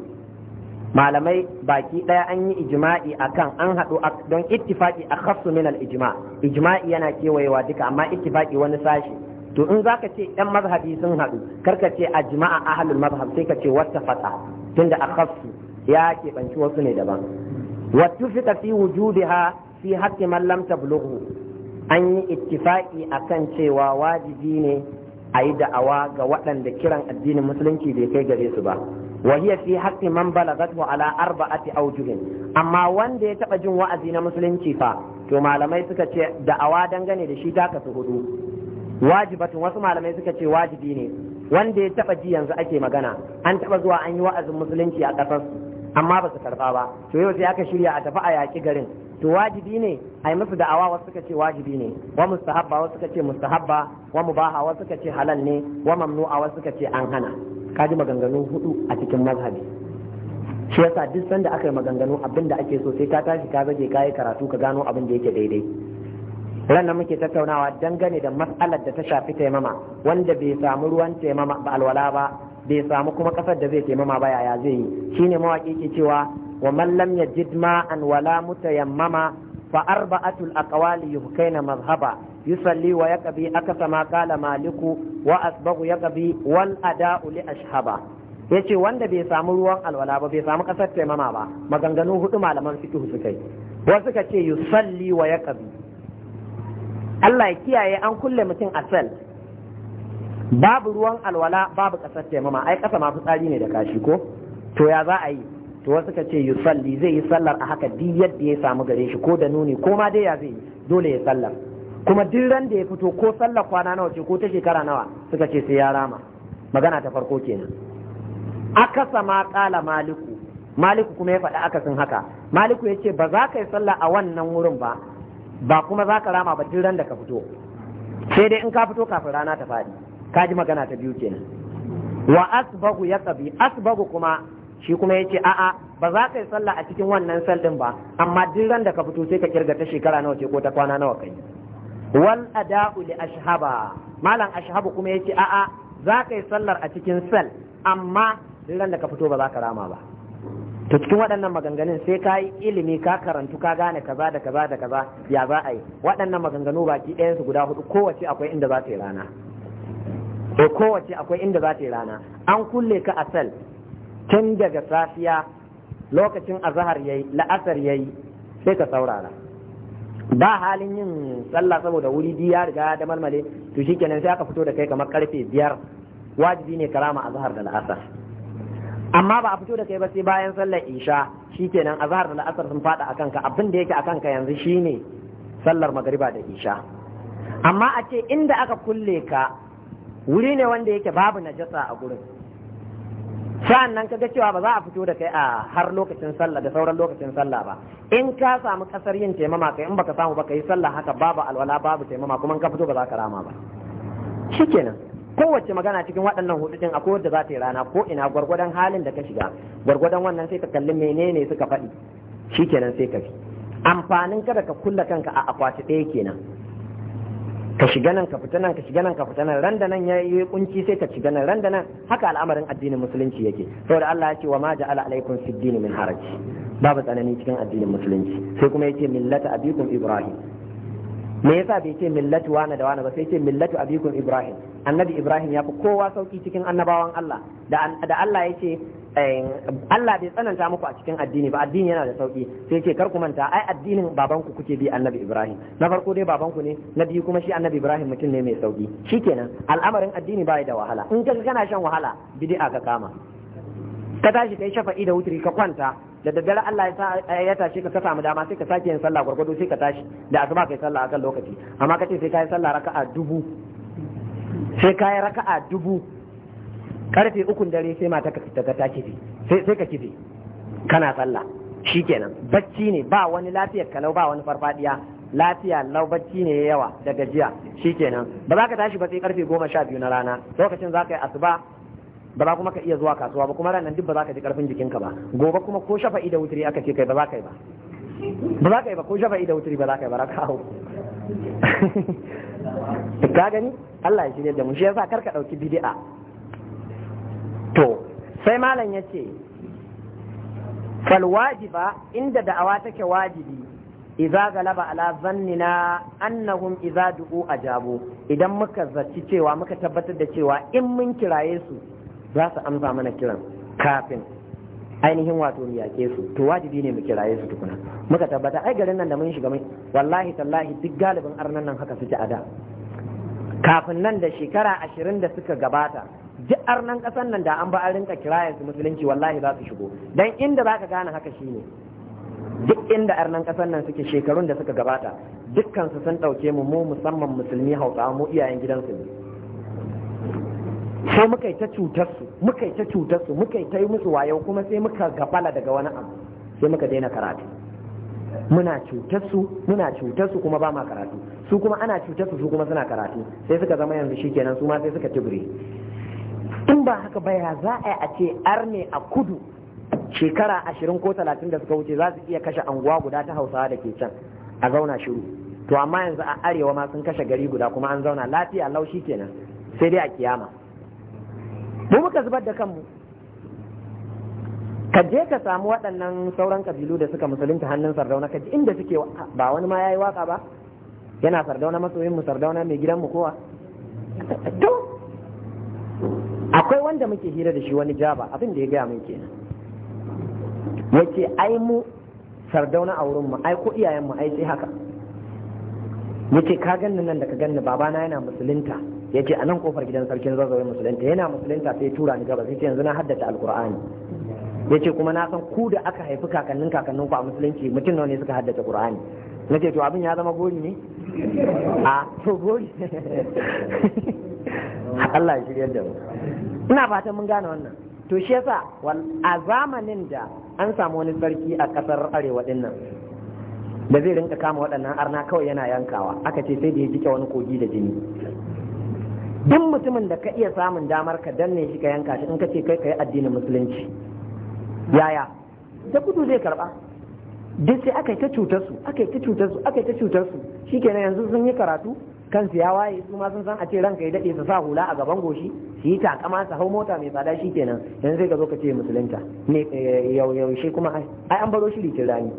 Speaker 1: malamai baki ɗaya an yi ijma'i akan an haɗu don ittifaqi a khassu min ijma ijma'i yana kewayewa duka amma ittifaqi wani sashi to in zaka ce ɗan mazhabi sun haɗu karka ce a jima'a ahlul mazhab sai ka ce wattafaqa tunda a khassu ya keɓanci wasu ne daban wattufika fi wujudiha fi hakki man lam tablughu an yi ittifaqi akan cewa wajibi ne a yi da'awa ga waɗanda kiran addinin musulunci bai kai gare su ba wa hiya fi haqqi man balagathu ala arba'ati awjuhin amma wanda ya taba jin wa'azi na musulunci fa to malamai suka ce da'awa dangane da shi ta kasu hudu wajibatun wasu malamai suka ce wajibi ne wanda ya taba ji yanzu ake magana an taba zuwa an yi wa'azin musulunci a kasar amma ba su karba ba to yau sai aka shirya a tafi a yaki garin to wajibi ne ai musu da'awa wasu suka ce wajibi ne wa mustahabba wasu suka ce mustahabba wa mubaha wasu suka ce halal ne wa mamnu'a wasu suka ce an hana kaji maganganu hudu a cikin mazhabi shi yasa duk sanda aka yi maganganu abin da ake so sai ka tashi ka zage ka yi karatu ka gano abin da yake daidai ranar muke tattaunawa dangane da matsalar da ta shafi taimama wanda bai samu ruwan taimama ba alwala ba bai samu kuma kasar da zai taimama ba yaya zai yi shine mawaki ke cewa wa man lam yajid an wala mutayammama fa arba'atul aqwali yuhkaina mazhaba yusalli wa yaqbi aka sama qala maliku wa asbahu yaqbi wal ada'u li ashhaba yace wanda bai samu ruwan alwala ba bai samu kasar taimama ba maganganu hudu malaman fiqh suka yi wasu suka ce yusalli wa yaqbi Allah ya kiyaye an kulle mutum a sel babu ruwan alwala babu kasar taimama ai kasa ma fitsari ne da kashi ko to ya za a yi to wasu ka ce yusalli zai yi sallar a haka duk yadda ya samu gare shi ko da nuni ko ma dai ya zai dole ya sallar kuma duk ran da ya fito ko sallar kwana nawa ce ko ta shekara nawa suka ce sai ya rama magana ta farko kenan akasa ma kala maliku maliku kuma ya faɗi akasin haka maliku ya ce ba za ka yi sallah a wannan wurin ba ba kuma za ka rama ba duk ran da ka fito sai dai in ka fito kafin rana ta faɗi ka ji magana ta biyu kenan wa asbagu ya tsabi asbagu kuma shi kuma ya ce a'a ba za ka yi sallah a cikin wannan sallin ba amma duk ran da ka fito sai ka kirga ta shekara nawa ce ko ta kwana nawa kai wal ada'u li ashhaba malam ashhabu kuma yace a'a za ka yi sallar a cikin sal amma ran da ka fito ba za ka rama ba to cikin waɗannan maganganun sai ka yi ilimi ka karantu ka gane kaza da kaza da kaza ya za a yi waɗannan maganganu baki ɗayan su guda hudu kowace akwai inda za ta yi rana to kowace akwai inda za ta yi rana an kulle ka a sal tun daga safiya lokacin azahar yayi la'asar yayi sai ka saurara ba halin yin sallah saboda wuri biyu ya riga da malmale to shikenan sai aka fito da kai kamar karfe biyar wajibi ne karama a zahar da la'asar amma ba a fito da kai ba sai bayan sallar isha shikenan zahar da la'asar sun fada a kanka, abin da yake a kanka yanzu shine sallar magariba da isha amma a ce inda aka kulle ka wuri ne wanda yake babu najasa a gurin sa'an nan kaga cewa ba za a fito da kai a har lokacin sallah da sauran lokacin sallah ba in ka samu kasar yin taimama kai in baka samu ba yi sallah haka babu alwala babu taimama kuma in ka fito ba za ka rama ba shikenan kowace magana cikin waɗannan hudu din akwai wadda za ta yi rana ko ina gwargwadon halin da ka shiga gwargwadon wannan sai ka kalli menene suka faɗi shikenan sai ka fi. amfanin kada ka kulla kanka a akwati ɗaya kenan ka shiga nan ka fita nan ka shiga nan ka fita nan ran da nan yi kunci sai ka shiga nan ran nan haka al'amarin addinin musulunci yake saboda Allah ya ce wa ma ja'ala alaikum fid min haraji babu tsanani cikin addinin musulunci sai kuma yake millata abikum ibrahim me yasa bai ce millatu wana da wana ba sai ce millatu abikum ibrahim annabi ibrahim ya fi kowa sauki cikin annabawan Allah da Allah ya ce eh, Allah bai tsananta muku a cikin addini ba addini yana da sauki sai ce kar ku manta ai addinin babanku kuke bi annabi Ibrahim na farko dai babanku ne na biyu kuma shi annabi Ibrahim mutum ne mai sauki shikenan al'amarin addini bai da wahala in ka kana shan wahala bid'a ka kama ka tashi kai shafa'i da wutri ka kwanta da daddare Allah ya sa eh, tashi ka samu dama sai ka sake yin sallah gurgudu sai ka tashi da asuba kai sallah akan lokaci amma kace sai kai sallah raka'a dubu sai kai raka'a dubu karfe ukun dare sai mata ka ta ta kifi sai sai ka kife kana sallah shikenan bacci ne ba wani lafiyar kalau ba wani farfadiya lafiya lau bacci ne yawa da gajiya shikenan ba za ka tashi ba sai karfe goma sha biyu na rana lokacin za ka yi asuba ba za kuma ka iya zuwa kasuwa ba kuma ranar duk ba za ka ji karfin jikinka ba gobe kuma ko shafa ida wuturi aka ce kai ba za ka yi ba ba za ka yi ba ko shafa ida wuturi ba za ka yi ba za ka [LAUGHS] ka gani Allah ya shirya da mu shi yasa ka dauki bid'a to sai malam yace fal wajiba inda da'awa take wajibi idza galaba ala zannina annahum idza du'u ajabu idan muka zaci cewa muka tabbatar da cewa in mun kiraye su za su amsa mana kiran kafin ainihin wato mu yaƙe su to wajibi ne mu kiraye su tukuna muka tabbata ai garin nan da mun shiga mai wallahi tallahi duk galibin arnan nan haka suke ada. kafin nan da shekara ashirin da suka gabata duk arnan ƙasar nan da an ba an rinka kiraye su musulunci wallahi za su shigo dan inda za ka gane haka shine duk inda arnan ƙasar nan suke shekarun da suka gabata dukkan su sun ɗauke mu mu musamman musulmi hausawa mu iyayen gidansu ne sai muka yi ta cutar su muka yi ta cutar su muka yi ta yi musu wayo kuma sai muka gabala daga wani abu sai muka daina karatu muna cutar su muna cutar su kuma ba ma karatu su kuma ana cutar su su kuma suna karatu sai suka zama yanzu shikenan su ma sai suka tubure in ba haka ba ya za a yi a ce arne a kudu shekara ashirin ko talatin da suka wuce za su iya kashe anguwa guda ta hausawa da ke can a zauna shiru to amma yanzu a arewa ma sun kashe gari guda kuma an zauna lafiya laushi kenan sai dai a kiyama mu muka zubar da kanmu ka je ka samu waɗannan sauran kabilu da suka musulunta hannun sardauna ka ji inda suke ba wani ma ya yi waka ba yana sardauna masoyin mu sardauna mai gidan mu kowa to akwai wanda muke hira da shi wani jaba abin da ya gaya min kenan yace ai mu sardauna a wurin mu ai ko iyayen mu ai sai haka yace ka ganni nan da ka ganni babana yana musulunta ya ce a nan kofar gidan sarkin zazzawai musulunta yana musulunta sai tura ni gaba sai ce yanzu na haddace alkur'ani ya ce kuma na san ku da aka haifi kakannin kakannin ku a musulunci mutum nawa ne suka haddace qur'ani na ce to abin ya zama gori ne a to gori [LAUGHS] Allah ya shirya da mu ina fatan mun gane wannan to shi yasa a zamanin da an samu wani sarki a kasar arewa din nan da zai rinka kama waɗannan arna kawai yana yankawa aka ce sai da ya jike wani kogi da jini duk mutumin da ka iya samun damar ka danne shi ka yanka shi in kace ce kai ka yi addinin musulunci yaya da kudu zai karba duk sai aka yi ta cutar su aka yi ta cutar su aka yi ta cutar su shikenan yanzu sun yi karatu su ya waye su ma sun san a ce ranka ya dade su sa hula a gaban goshi su yi takama su hau mota mai tsada shikenan yanzu zai ka zo ka ce musulunta ne eh, yaushe kuma ai an baro shi litin rani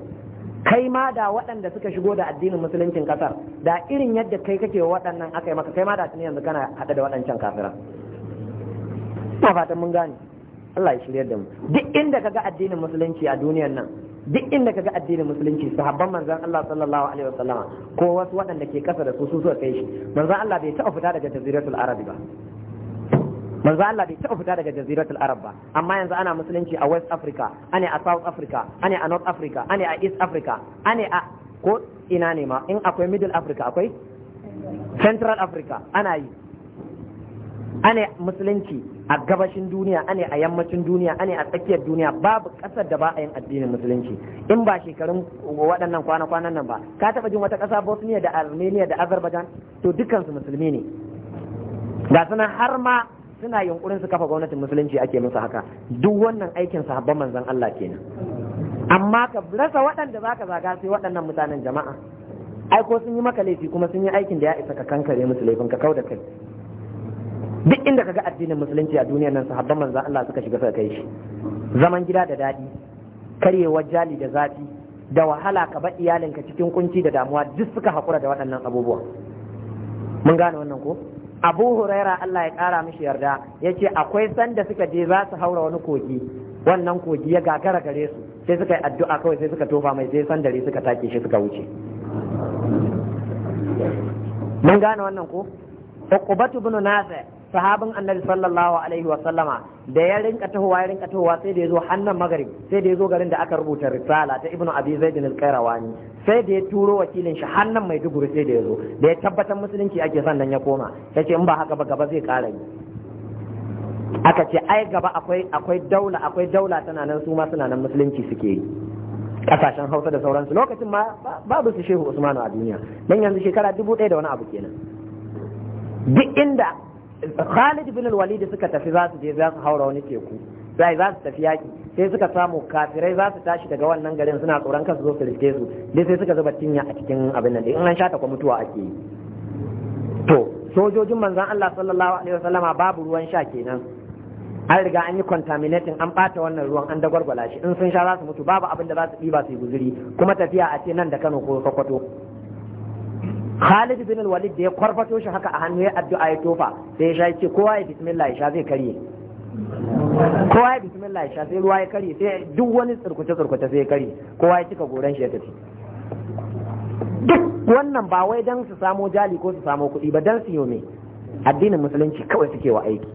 Speaker 1: kai ma da waɗanda suka shigo da addinin musuluncin ƙasar, da irin yadda kai kake waɗannan aka yi maka kai ma da tuni yanzu kana haɗa da waɗancan kafiran ba fatan mun gane Allah ya shirya da mu duk inda kaga addinin musulunci a duniyar nan duk inda kaga addinin musulunci sahabban manzon Allah sallallahu alaihi wasallama ko wasu waɗanda ke ƙasa da su su suka kai shi manzon Allah bai taɓa fita daga jaziratul arabi ba manzo Allah bai taɓa fita daga jaziratul arab ba amma yanzu ana musulunci a west africa ane a south africa ane a north africa ane a east africa ane a ko ina ne ma in akwai middle africa akwai central africa ana yi ane musulunci a gabashin duniya ane a yammacin duniya ane a tsakiyar duniya babu ƙasar da ba a yin addinin musulunci in ba shekarun waɗannan kwana-kwanan nan ba ka taɓa jin wata ƙasa bosnia da armenia da azerbaijan to dukansu musulmi ne ga suna har ma suna yunkurin su kafa gwamnatin musulunci ake musu haka duk wannan aikin sahabban manzon Allah kenan amma ka rasa waɗanda zaka zaga sai waɗannan mutanen jama'a ai ko sun yi maka laifi kuma sun yi aikin da ya isa ka kankare musu laifin ka kauda kai duk inda kaga addinin musulunci a duniyar nan sahabban manzon Allah suka shiga suka kai shi zaman gida da daɗi karyewar jali da zafi da wahala ka ba iyalinka cikin kunci da damuwa duk suka haƙura da waɗannan abubuwa mun gane wannan ko abu huraira Allah ya kara mishi yarda ya ce akwai sanda suka je za su haura wani kogi wannan kogi ya gagara gare su sai suka yi addu'a kawai sai suka tofa mai sai sandare suka take shi suka wuce mun gane wannan ko uqbatu ibn nafi' sahabin annabi sallallahu alaihi wa sallama da ya rinka tahowa ya rinka tahowa sai da ya zo hannun magrib sai da ya zo garin da aka rubuta risala ta ibnu abi bin al-qayrawani sai da ya turo wakilin shi hannun mai duguri sai da ya zo da ya tabbatar musulunci ake dan ya koma yace in ba haka ba gaba zai kara yi aka ce ai gaba akwai akwai daula akwai daula tana nan su ma suna nan musulunci suke yi kasashen hausa da sauransu lokacin ma babu su shehu usmanu a duniya dan yanzu shekara dubu ɗaya da wani abu kenan duk inda Khalid bin walid suka tafi za su je za su haura wani teku sai za su tafi yaki sai suka samu kafirai za su tashi daga wannan garin suna tsoron kasu zo su rike su dai sai suka zuba cinya a cikin abin nan dai in an sha takwa mutuwa ake yi to sojojin manzon Allah sallallahu alaihi wasallama babu ruwan sha kenan an riga an yi contaminating an bata wannan ruwan an dagwargwala shi in sun sha za su mutu babu abin da za su ɗiba su yi guzuri kuma tafiya a ce nan da Kano ko Sokoto Khalid bin Walid da ya kwarfato shi haka a hannu ya addu'a ya tofa sai ya shaice kowa ya bismillah ya sha zai karye kowa ya bismillah ya sha sai ruwa ya karye sai duk wani tsirkuce tsirkuce sai ya karye kowa ya cika goran shi ya tafi duk wannan ba wai dan su samo jali ko su samo kuɗi ba dan su yome addinin musulunci kawai suke wa aiki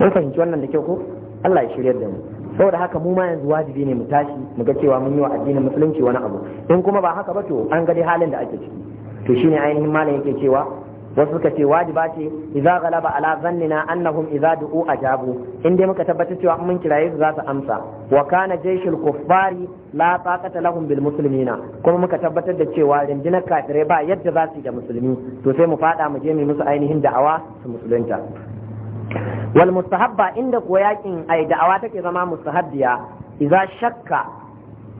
Speaker 1: mun fahimci wannan da kyau ko Allah ya shiryar da mu saboda haka mu ma yanzu wajibi ne mu tashi mu ga cewa mun yi wa addinin musulunci wani abu in kuma ba haka ba to an ga dai halin da ake ciki to shine ainihin malam yake cewa wasu suka ce wajiba ce idza ghalaba ala zannina annahum idza du'u ajabu in dai muka tabbatar cewa mun kiraye su za su amsa wa kana jaishul kuffari la taqata lahum bil muslimina kuma muka tabbatar da cewa rundunar kafirai ba yadda za su yi da musulmi to sai mu fada mu je mu musu ainihin da'awa su musulunta wal mustahabba inda ko yakin ai da'awa take zama mustahabbiya idza shakka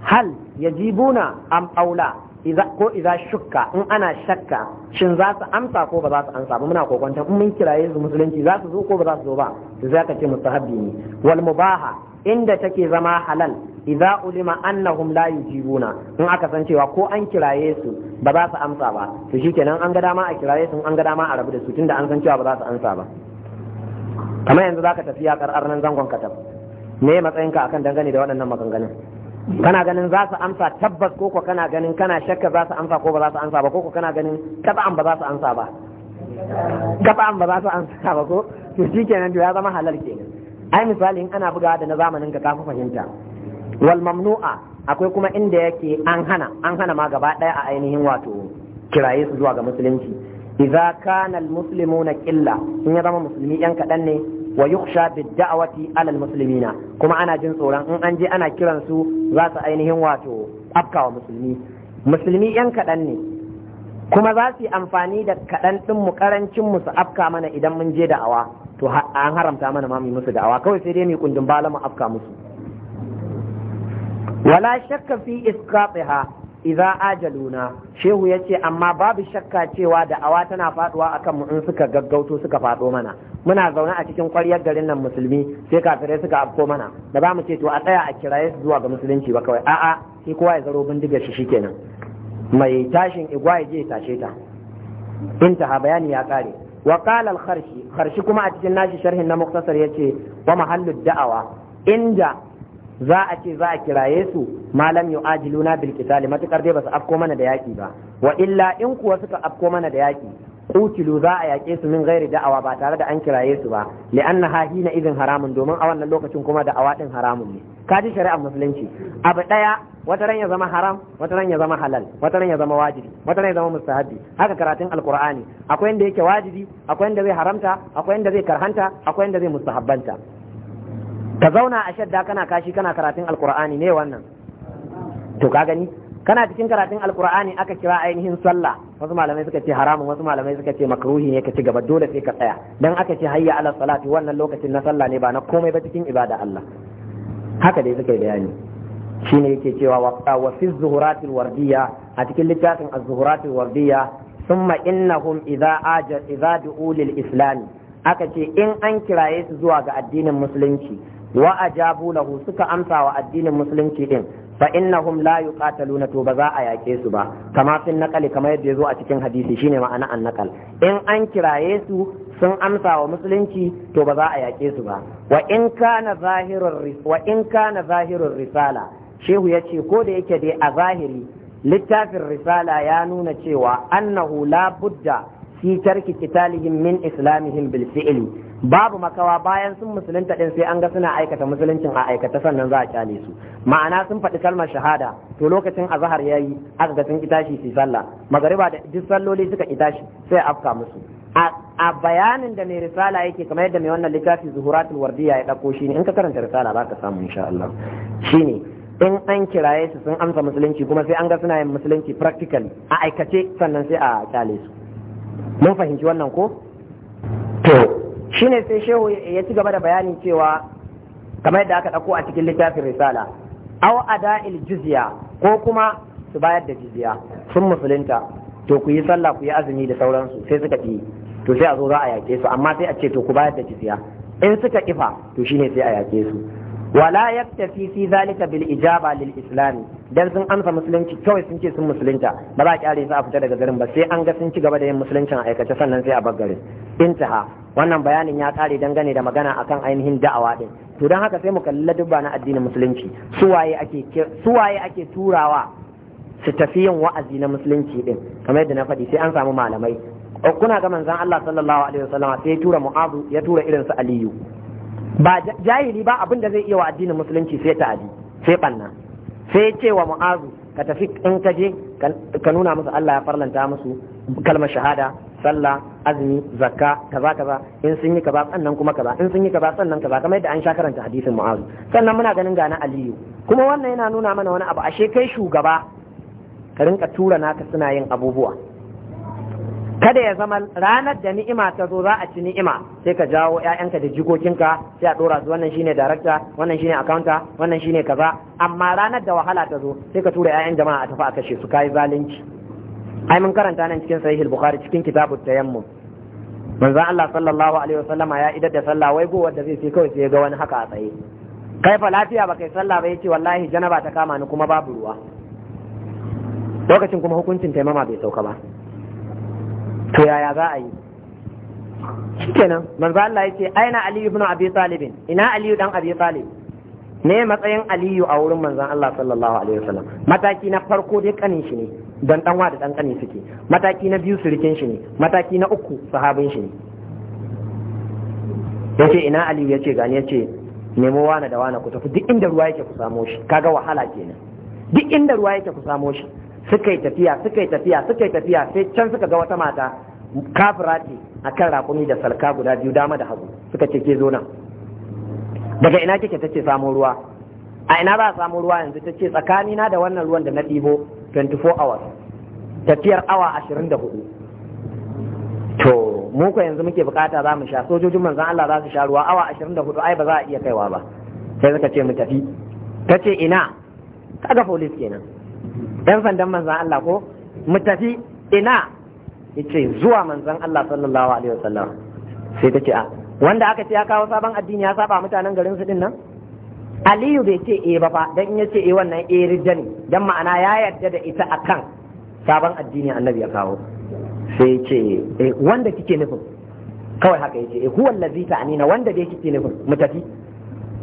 Speaker 1: hal yajibuna am aula ko iza shukka in ana shakka shin za su amsa ko ba za su amsa ba muna kokonta in mun kiraye su musulunci za su zo ko ba za su zo ba za ka ce mustahabbi ne wal mubaha inda take zama halal idza ulima annahum la yujibuna in aka san cewa ko an kiraye su ba za su amsa ba to shikenan an ga dama a kiraye su an ga dama a rabu da su tunda an san cewa ba za su amsa ba kamar yanzu zaka tafi ya karar nan zangon katab me matsayinka akan dangane da waɗannan maganganun kana ganin za su amsa tabbas ko ko kana ganin kana shakka za su amsa ko ba za su amsa ba ko ko kana ganin taba'an ba za su amsa ba taba'an ba za su amsa ba ko to shikenan to ya zama halal kenan ai misali in ana bugawa da na zamanin ka kafa fahimta wal mamnu'a akwai kuma inda yake an hana an hana ma gaba daya a ainihin wato kiraye su zuwa ga musulunci idza kana al muslimuna qilla in ya zama musulmi yan kadan ne wa yukhsha bid da'wati alal muslimina kuma ana jin tsoron in an je ana kiran su za su ainihin wato afkawa musulmi musulmi yan kaɗan ne kuma za su yi amfani da kaɗan ɗinmu mu karancin mu su afka mana idan mun je da'awa to an haramta mana ma mu musu da'awa kawai sai dai mu kundin bala mu afka musu wala shakka fi isqatiha idza ajaluna shehu ya ce, amma babu shakka cewa da awa tana faduwa akan mu in suka gaggauto suka fado mana muna zaune a cikin kwaryar garin nan musulmi sai kafirai suka afko mana da ba mu ce to a tsaya a kiraye su zuwa ga musulunci ba kawai a'a sai kowa ya zaro bindigar shi shikenan mai tashin igwa ya je ya tashe ta intaha bayani ya kare wa qala al-kharshi kharshi kuma a cikin nashi sharhin na muktasar yace wa mahallu da'awa inda za a ce za a kiraye su malam yu'ajiluna na Bilkitali, matukar dai ba su afko mana da yaki ba wa illa in kuwa suka afko mana da yaki qutilu za a yake su min ghairi da'awa ba tare da an kiraye su ba li'anna ha hina izin haramun domin a wannan lokacin kuma da awa din haramun ne kaji shari'ar musulunci abu daya wata ran ya zama haram wata ran ya zama halal wata ran ya zama wajibi wata ran ya zama mustahabi haka karatun alqur'ani akwai inda yake wajibi akwai inda zai haramta akwai inda zai karhanta akwai inda zai mustahabbanta ka zauna a shadda kana kashi kana karatun alkur'ani ne wannan to ka gani kana cikin karatun alkur'ani aka kira ainihin sallah wasu malamai suka ce haramun wasu malamai suka ce makruhi ne ka ci gaba dole sai ka tsaya dan aka ce hayya ala salati wannan lokacin na sallah ne ba na komai ba cikin ibada Allah haka dai suka yi bayani shine yake cewa wa fi zuhuratil wardiya a cikin littafin az-zuhuratil wardiya thumma innahum idza aja idza du'u islam aka ce in an kiraye su zuwa ga addinin musulunci wa lahu suka amsa wa addinin musulunci din fa innahum la yuqataluna to ba za a yake su ba kama fin naqali kamar yadda yazo a cikin hadisi shine ma'ana an naqal in an kiraye su sun amsa wa musulunci to ba za a yake su ba wa in kana zahirur wa risala shehu ya ce ko da yake dai a zahiri littafin risala ya nuna cewa annahu la budda fi tarki qitalihim min islamihim bil babu makawa bayan sun musulunta din sai an ga suna aikata musuluncin a aikata sannan za a kyale su ma'ana sun faɗi kalmar shahada to lokacin azhar yayi aka ga sun ki tashi su sallah magariba da duk salloli suka ki tashi sai afka musu a bayanin da mai risala yake kamar yadda mai wannan littafi zuhuratul wardiya ya dauko shi ne in ka karanta risala za ka samu insha Allah shine in an kiraye su sun amsa musulunci kuma sai an ga suna yin musulunci practical a aikace sannan sai a kyale su mun fahimci wannan ko to shine sai shehu ya ci gaba da bayanin cewa kamar yadda aka ɗauko a cikin littafin risala aw ada'il jizya ko kuma su bayar da jizya sun musulunta to ku yi sallah ku yi azumi da sauransu sai suka ci to sai a zo za a yake su amma sai a ce to ku bayar da jizya in suka kifa to shine sai a yake su wala yaktafi fi zalika bil ijaba lil islam dan sun amsa musulunci kawai sun ce sun musulunta ba za a kyare su a fita daga garin ba sai an ga sun ci gaba da yin musuluncin a aikace sannan sai a bar garin intaha wannan bayanin ya kare dangane da magana akan ainihin da'awa din to dan haka sai mu kalli ladubba na addinin musulunci suwaye ake suwaye ake turawa su tafi yin wa'azi na musulunci din kamar yadda na faɗi sai an samu malamai kuna ga manzon Allah sallallahu alaihi wasallam sai ya tura mu'azu ya tura irin su aliyu ba jahili ba abin da zai iya wa addinin musulunci sai ta'adi sai banna sai ya ce wa mu'azu ka tafi in ka je ka nuna musu Allah ya farlanta musu kalmar shahada sallah azumi zakka kaza kaza in sun yi kaza sannan kuma kaza in sun yi kaza sannan kaza kamar yadda an sha karanta hadisin mu'azu sannan muna ganin gana aliyu kuma wannan yana nuna mana wani abu ashe kai shugaba ka rinka tura naka suna yin abubuwa kada ya zama ranar da ni'ima ta zo za a ci ni'ima sai ka jawo ƴaƴanka da jikokinka sai a dora su wannan shine director wannan shine accountant wannan shine kaza amma ranar da wahala ta zo sai ka tura ƴaƴan jama'a a tafi a kashe su kai zalunci ai mun karanta nan cikin sahih al-bukhari cikin kitabut tayammum manzon Allah sallallahu alaihi wasallama ya idar da sallah wai gowar da zai sai kawai sai ga wani haka a tsaye kai fa lafiya ba kai sallah ba yace wallahi janaba ta kama ni kuma babu ruwa lokacin kuma hukuncin taimama bai sauka ba to yaya za a yi shikenan manzo Allah yace aina ali ibn abi talib ina ali dan abi talib Ne matsayin aliyu a wurin manzan Allah sallallahu alaihi wasallam mataki na farko dai kanin shi ne dan ɗanwa da dan kanin suke mataki na biyu surikin shi ne mataki na uku sahabin shi ne yace ina aliyu yace gani yace nemo wana da wana ku tafi duk inda ruwa yake ku samo shi kaga wahala kenan duk inda ruwa yake ku samo shi suka yi tafiya suka yi tafiya suka yi tafiya sai can suka ga wata mata kafirati akan raƙumi da salka guda biyu dama da hagu suka ce ke zo nan daga ina kike ta ce samun ruwa a ina za a samu ruwa yanzu ta tsakani na da wannan ruwan da na ɗibo 24 hours tafiyar awa 24 to mu ko yanzu muke bukata za mu sha sojojin manzon Allah za su sha ruwa awa 24 ai ba za a iya kaiwa ba sai suka ce mu tafi Ta ce ina kaga police kenan yan sandan manzon Allah ko mu tafi ina yace zuwa manzon Allah sallallahu alaihi wasallam sai ce a wanda aka ce ya kawo sabon addini ya saba mutanen garin su din nan aliyu bai ce eh ba fa dan in ya ce eh wannan eh rijja dan ma'ana ya yarda da ita akan sabon addini annabi ya kawo sai ce eh, wanda kike nufin kawai haka yace eh huwal ladzi ta'nina wanda dai kike nufin mu tafi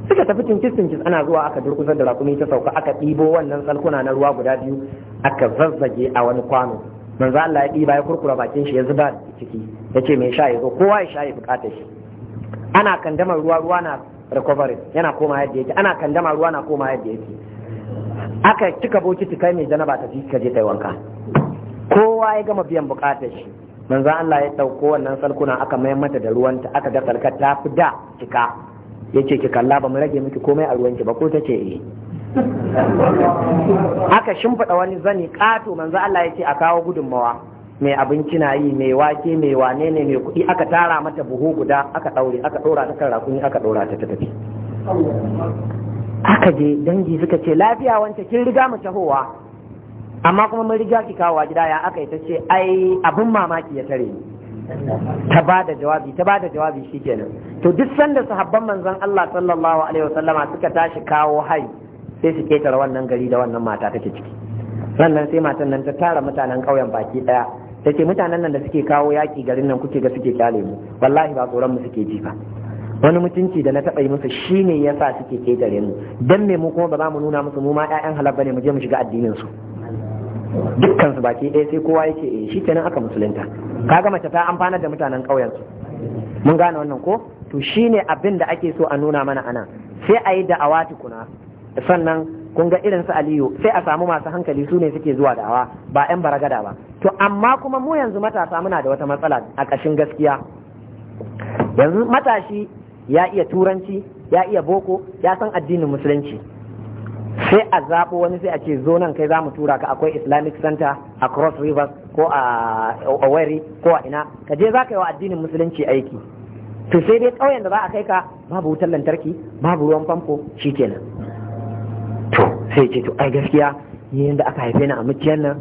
Speaker 1: suka tafi tinkis ana zuwa aka durkusa da rakumi ta sauka aka ɗibo wannan salkuna na ruwa guda biyu aka zazzage a wani kwano manzo Allah ya ɗiba ya kurkura bakin shi ya zuba ciki yace mai sha yazo kowa ya sha ya bukatar shi ana kandamar ruwa ruwa na recovery yana koma yadda yake ana kandamar ruwa na koma yadda yake aka cika bokiti kai mai janaba ta fi kaje kai wanka kowa ya gama biyan bukatar shi manzo Allah ya dauko wannan salkuna aka mayar mata da ruwanta aka ga salkar ta fi da cika yace ki kalla ba mu rage miki komai a ruwan ki ba ko tace eh aka shimfida wani zani kato manzo Allah ya ce a kawo gudunmawa mai abinci na yi mai wake mai wane ne mai kuɗi aka tara mata buhu guda aka ɗaure aka ɗora ta kan rakuni aka ɗora ta tafi aka je dangi suka ce lafiya wance kin riga mu tahowa amma kuma mun riga ki kawo gida ya aka ita ce ai abin mamaki ya tare ni ta ba da jawabi ta ba da jawabi shikenan to duk sanda sahabban manzon Allah sallallahu alaihi wasallama suka tashi kawo hai sai su ketare wannan gari da wannan mata take ciki sannan sai matan nan ta tara mutanen ƙauyen baki ɗaya ke mutanen nan da suke kawo yaƙi garin nan kuke ga suke kyale mu wallahi ba tsoron mu suke ji ba wani mutunci da na taɓa yi musu shine sa suke ketare mu Don me mu kuma ba za mu nuna musu mu ma ƴaƴan halal ne mu je mu shiga addinin su dukkan su baki ɗaya sai kowa yake eh kenan aka musulunta kaga mace ta amfanar da mutanen ƙauyen su mun gane wannan ko to shi ne abin da ake so a nuna mana ana sai a yi da'awa tukuna sannan kun ga irin su aliyu sai a samu masu hankali su ne suke zuwa da'awa ba yan baragada ba to amma kuma mu yanzu matasa muna da wata matsala a ƙashin gaskiya yanzu matashi ya iya turanci ya iya boko ya san addinin musulunci sai a zaɓo wani sai a ce zo nan kai za mu tura ka akwai islamic center a cross rivers ko a Owerri ko a ina ka je za ka yi wa addinin musulunci aiki to sai dai ƙauyen da za a kai ka babu wutar lantarki babu ruwan famfo shi kenan. sai ce to ai gaskiya ni yadda aka haife ni a muciyar nan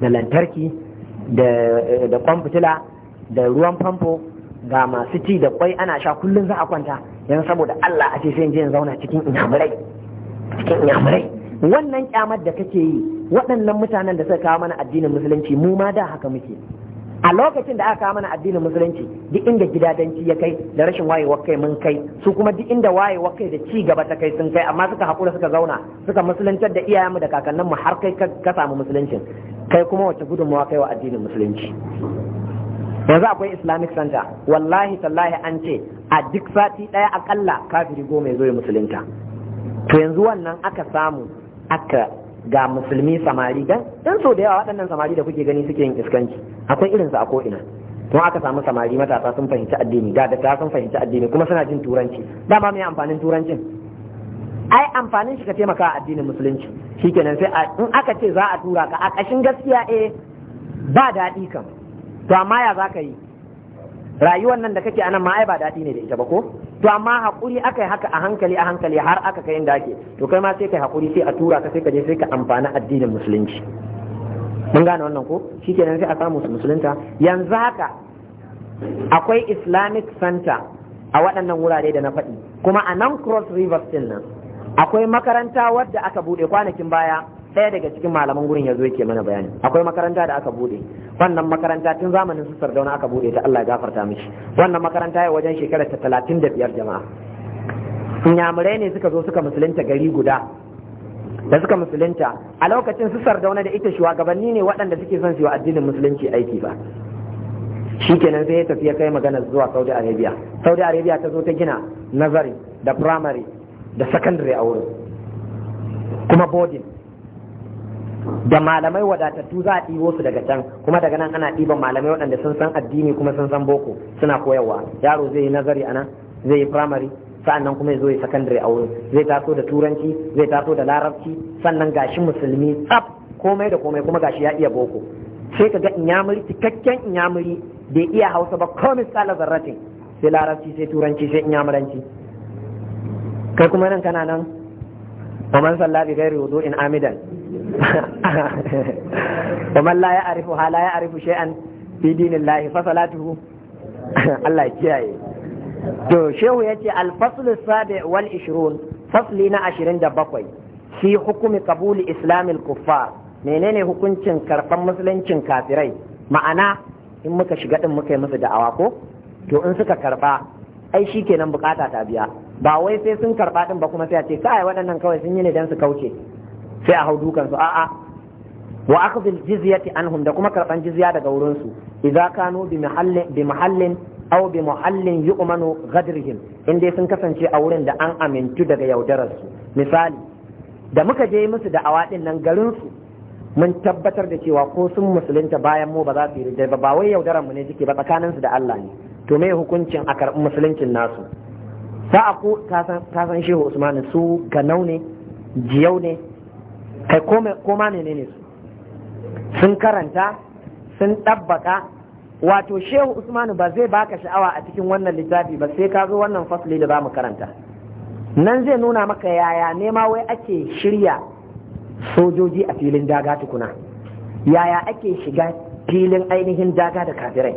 Speaker 1: da lantarki da kwan fitila da ruwan famfo ga masu ci da kwai ana sha kullum za a kwanta yan saboda Allah a ce sai je in zauna cikin inyamurai cikin inyamurai wannan kyamar da kake yi waɗannan mutanen da suka kawo mana addinin musulunci mu ma da haka muke a lokacin da aka kawo mana addinin musulunci duk inda gidadanci ya kai da rashin wayewar kai mun kai su kuma duk inda wayewar kai da ci gaba ta kai sun kai amma suka haƙura suka zauna suka musuluntar da iyayenmu da kakanninmu har kai ka samu musuluncin kai kuma wace gudunmawa kai wa addinin musulunci yanzu akwai islamic center wallahi tallahi an ce a duk sati ɗaya akalla kafiri goma ya zo ya musulunta to yanzu wannan aka samu aka ga musulmi samari dan dan so da yawa waɗannan samari da kuke gani suke yin iskanci akwai irin su a ko ina don aka samu samari matasa sun fahimci addini ga da sun fahimci addini kuma suna jin turanci dama mai amfanin turancin ai amfanin shi ka taimaka addinin musulunci shikenan sai in aka ce za a tura ka a kashin gaskiya eh ba daɗi kan to amma ya za ka yi rayuwar nan da kake anan ma ai ba daɗi ne da ita ba ko to amma hakuri aka yi haka a hankali a hankali har aka kai inda ake to kai ma sai kai hakuri sai a tura ka sai ka je sai ka amfana addinin musulunci mun gane wannan ko shikenan sai a samu musulunta yanzu haka akwai islamic center a waɗannan wurare da na faɗi kuma a nan cross rivers din nan akwai makaranta wadda aka buɗe kwanakin baya ɗaya daga cikin malaman gurin ya zo yake mana bayani akwai makaranta da aka bude wannan makaranta tun zamanin su sardauna aka bude ta Allah ya gafarta mishi wannan makaranta ya wajen shekarar ta talatin da biyar jama'a Nyamurai ne suka zo suka musulunta gari guda da suka musulunta a lokacin su sardauna da ita shugabanni ne waɗanda suke son su addinin musulunci aiki ba shikenan sai ya tafi ya kai magana zuwa Saudi Arabia Saudi Arabia ta zo ta gina nazari da primary da secondary a wurin kuma boarding da malamai wadatattu za a ɗibo su daga can kuma daga nan ana ɗiban malamai waɗanda sun san addini kuma sun san boko suna koyarwa yaro zai yi nazari ana zai yi primary sa'annan kuma ya zo ya secondary a wurin zai taso da turanci zai taso da larabci sannan gashi musulmi tsaf komai da komai kuma gashi ya iya boko sai ka ga inyamuri cikakken inyamuri bai iya hausa ba komai misali zarratin sai larabci sai turanci sai inyamuranci kai kuma nan kana nan kamar Sallabi, salla bi ghairi amidan [LAUGHS] ومن لا يعرفها لا يعرف شيئا في دين الله فصلاته [LAUGHS] الله يكياي to shehu ya ce alfasul sabi wal ishirun fasli na ashirin da bakwai shi hukumi kabuli islamil kuffar menene hukuncin karɓar musuluncin kafirai ma'ana in muka shiga din muka yi musu da'awa ko to in suka karba ai shi kenan bukata ta biya ba wai sai sun karɓa din ba kuma sai a ce kai waɗannan kawai sun yi ne dan su kauce sai a hau dukan su a'a wa akhdhil jizyati anhum da kuma karban jizya daga wurin su idza kanu bi mahallin bi mahallin aw bi muhallin yu'manu ghadrihim in dai sun kasance a wurin da an amintu daga yaudarar su misali da muka je musu da awadin nan garin su mun tabbatar da cewa ko sun musulunta bayan mu ba za su yi ba ba wai yaudarar mu ne suke ba tsakanin su da Allah ne to me hukuncin a karɓi musuluncin nasu sa'a ko ta san shehu usmanu su ganau ne jiyau ne kai koma ne ne su sun karanta sun ɗabbaka wato shehu usmanu ba zai baka sha'awa a cikin wannan littafi ba sai ka zo wannan fasli da za mu karanta nan zai nuna maka yaya nema wai ake shirya sojoji a filin daga tukuna yaya ake shiga filin ainihin daga da kafirai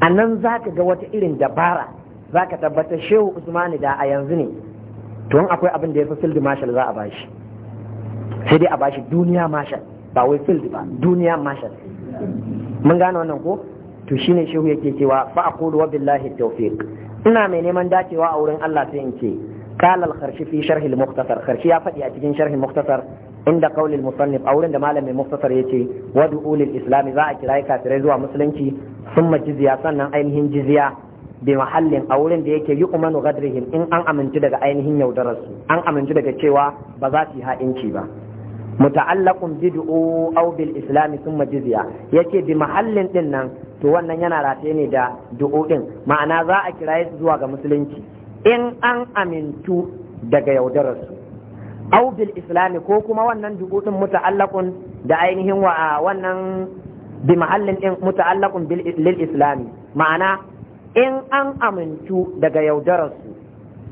Speaker 1: a nan za ka ga wata irin dabara za ka tabbatar shehu usmanu da a yanzu ne to akwai abin da ya fi sildi marshal za a bashi sai dai a bashi duniya marshal ba wai field ba duniya marshal mun gane wannan ko to shine shehu yake cewa fa aqulu wa billahi tawfiq ina mai neman dacewa a wurin Allah sai in ce قال الخرشي في شرح المختصر خرشي يا فدي أتجين شرح المختصر عند قول المصنف أو عند مالم المختصر يتي ودعو للإسلام ذا أكراي كافرين زوا مسلمتي ثم جزية سنة أينهن جزية بمحل أو عند يكي يؤمن غدرهم إن أن أمن تدق أينهن يودرس أن أمن تدق تشيوا بذاتها إنشي با muta'allaqun bid'u aw bil islam thumma jizya yace bi mahallin din nan to wannan yana rataye ne da du'o din ma'ana za a kiraye su zuwa ga musulunci in an amintu daga yaudararsu aw bil islam ko kuma wannan du'o din muta'allaqun da ainihin wa wannan bi mahallin din muta'allaqun bil islam ma'ana in an amintu daga yaudararsu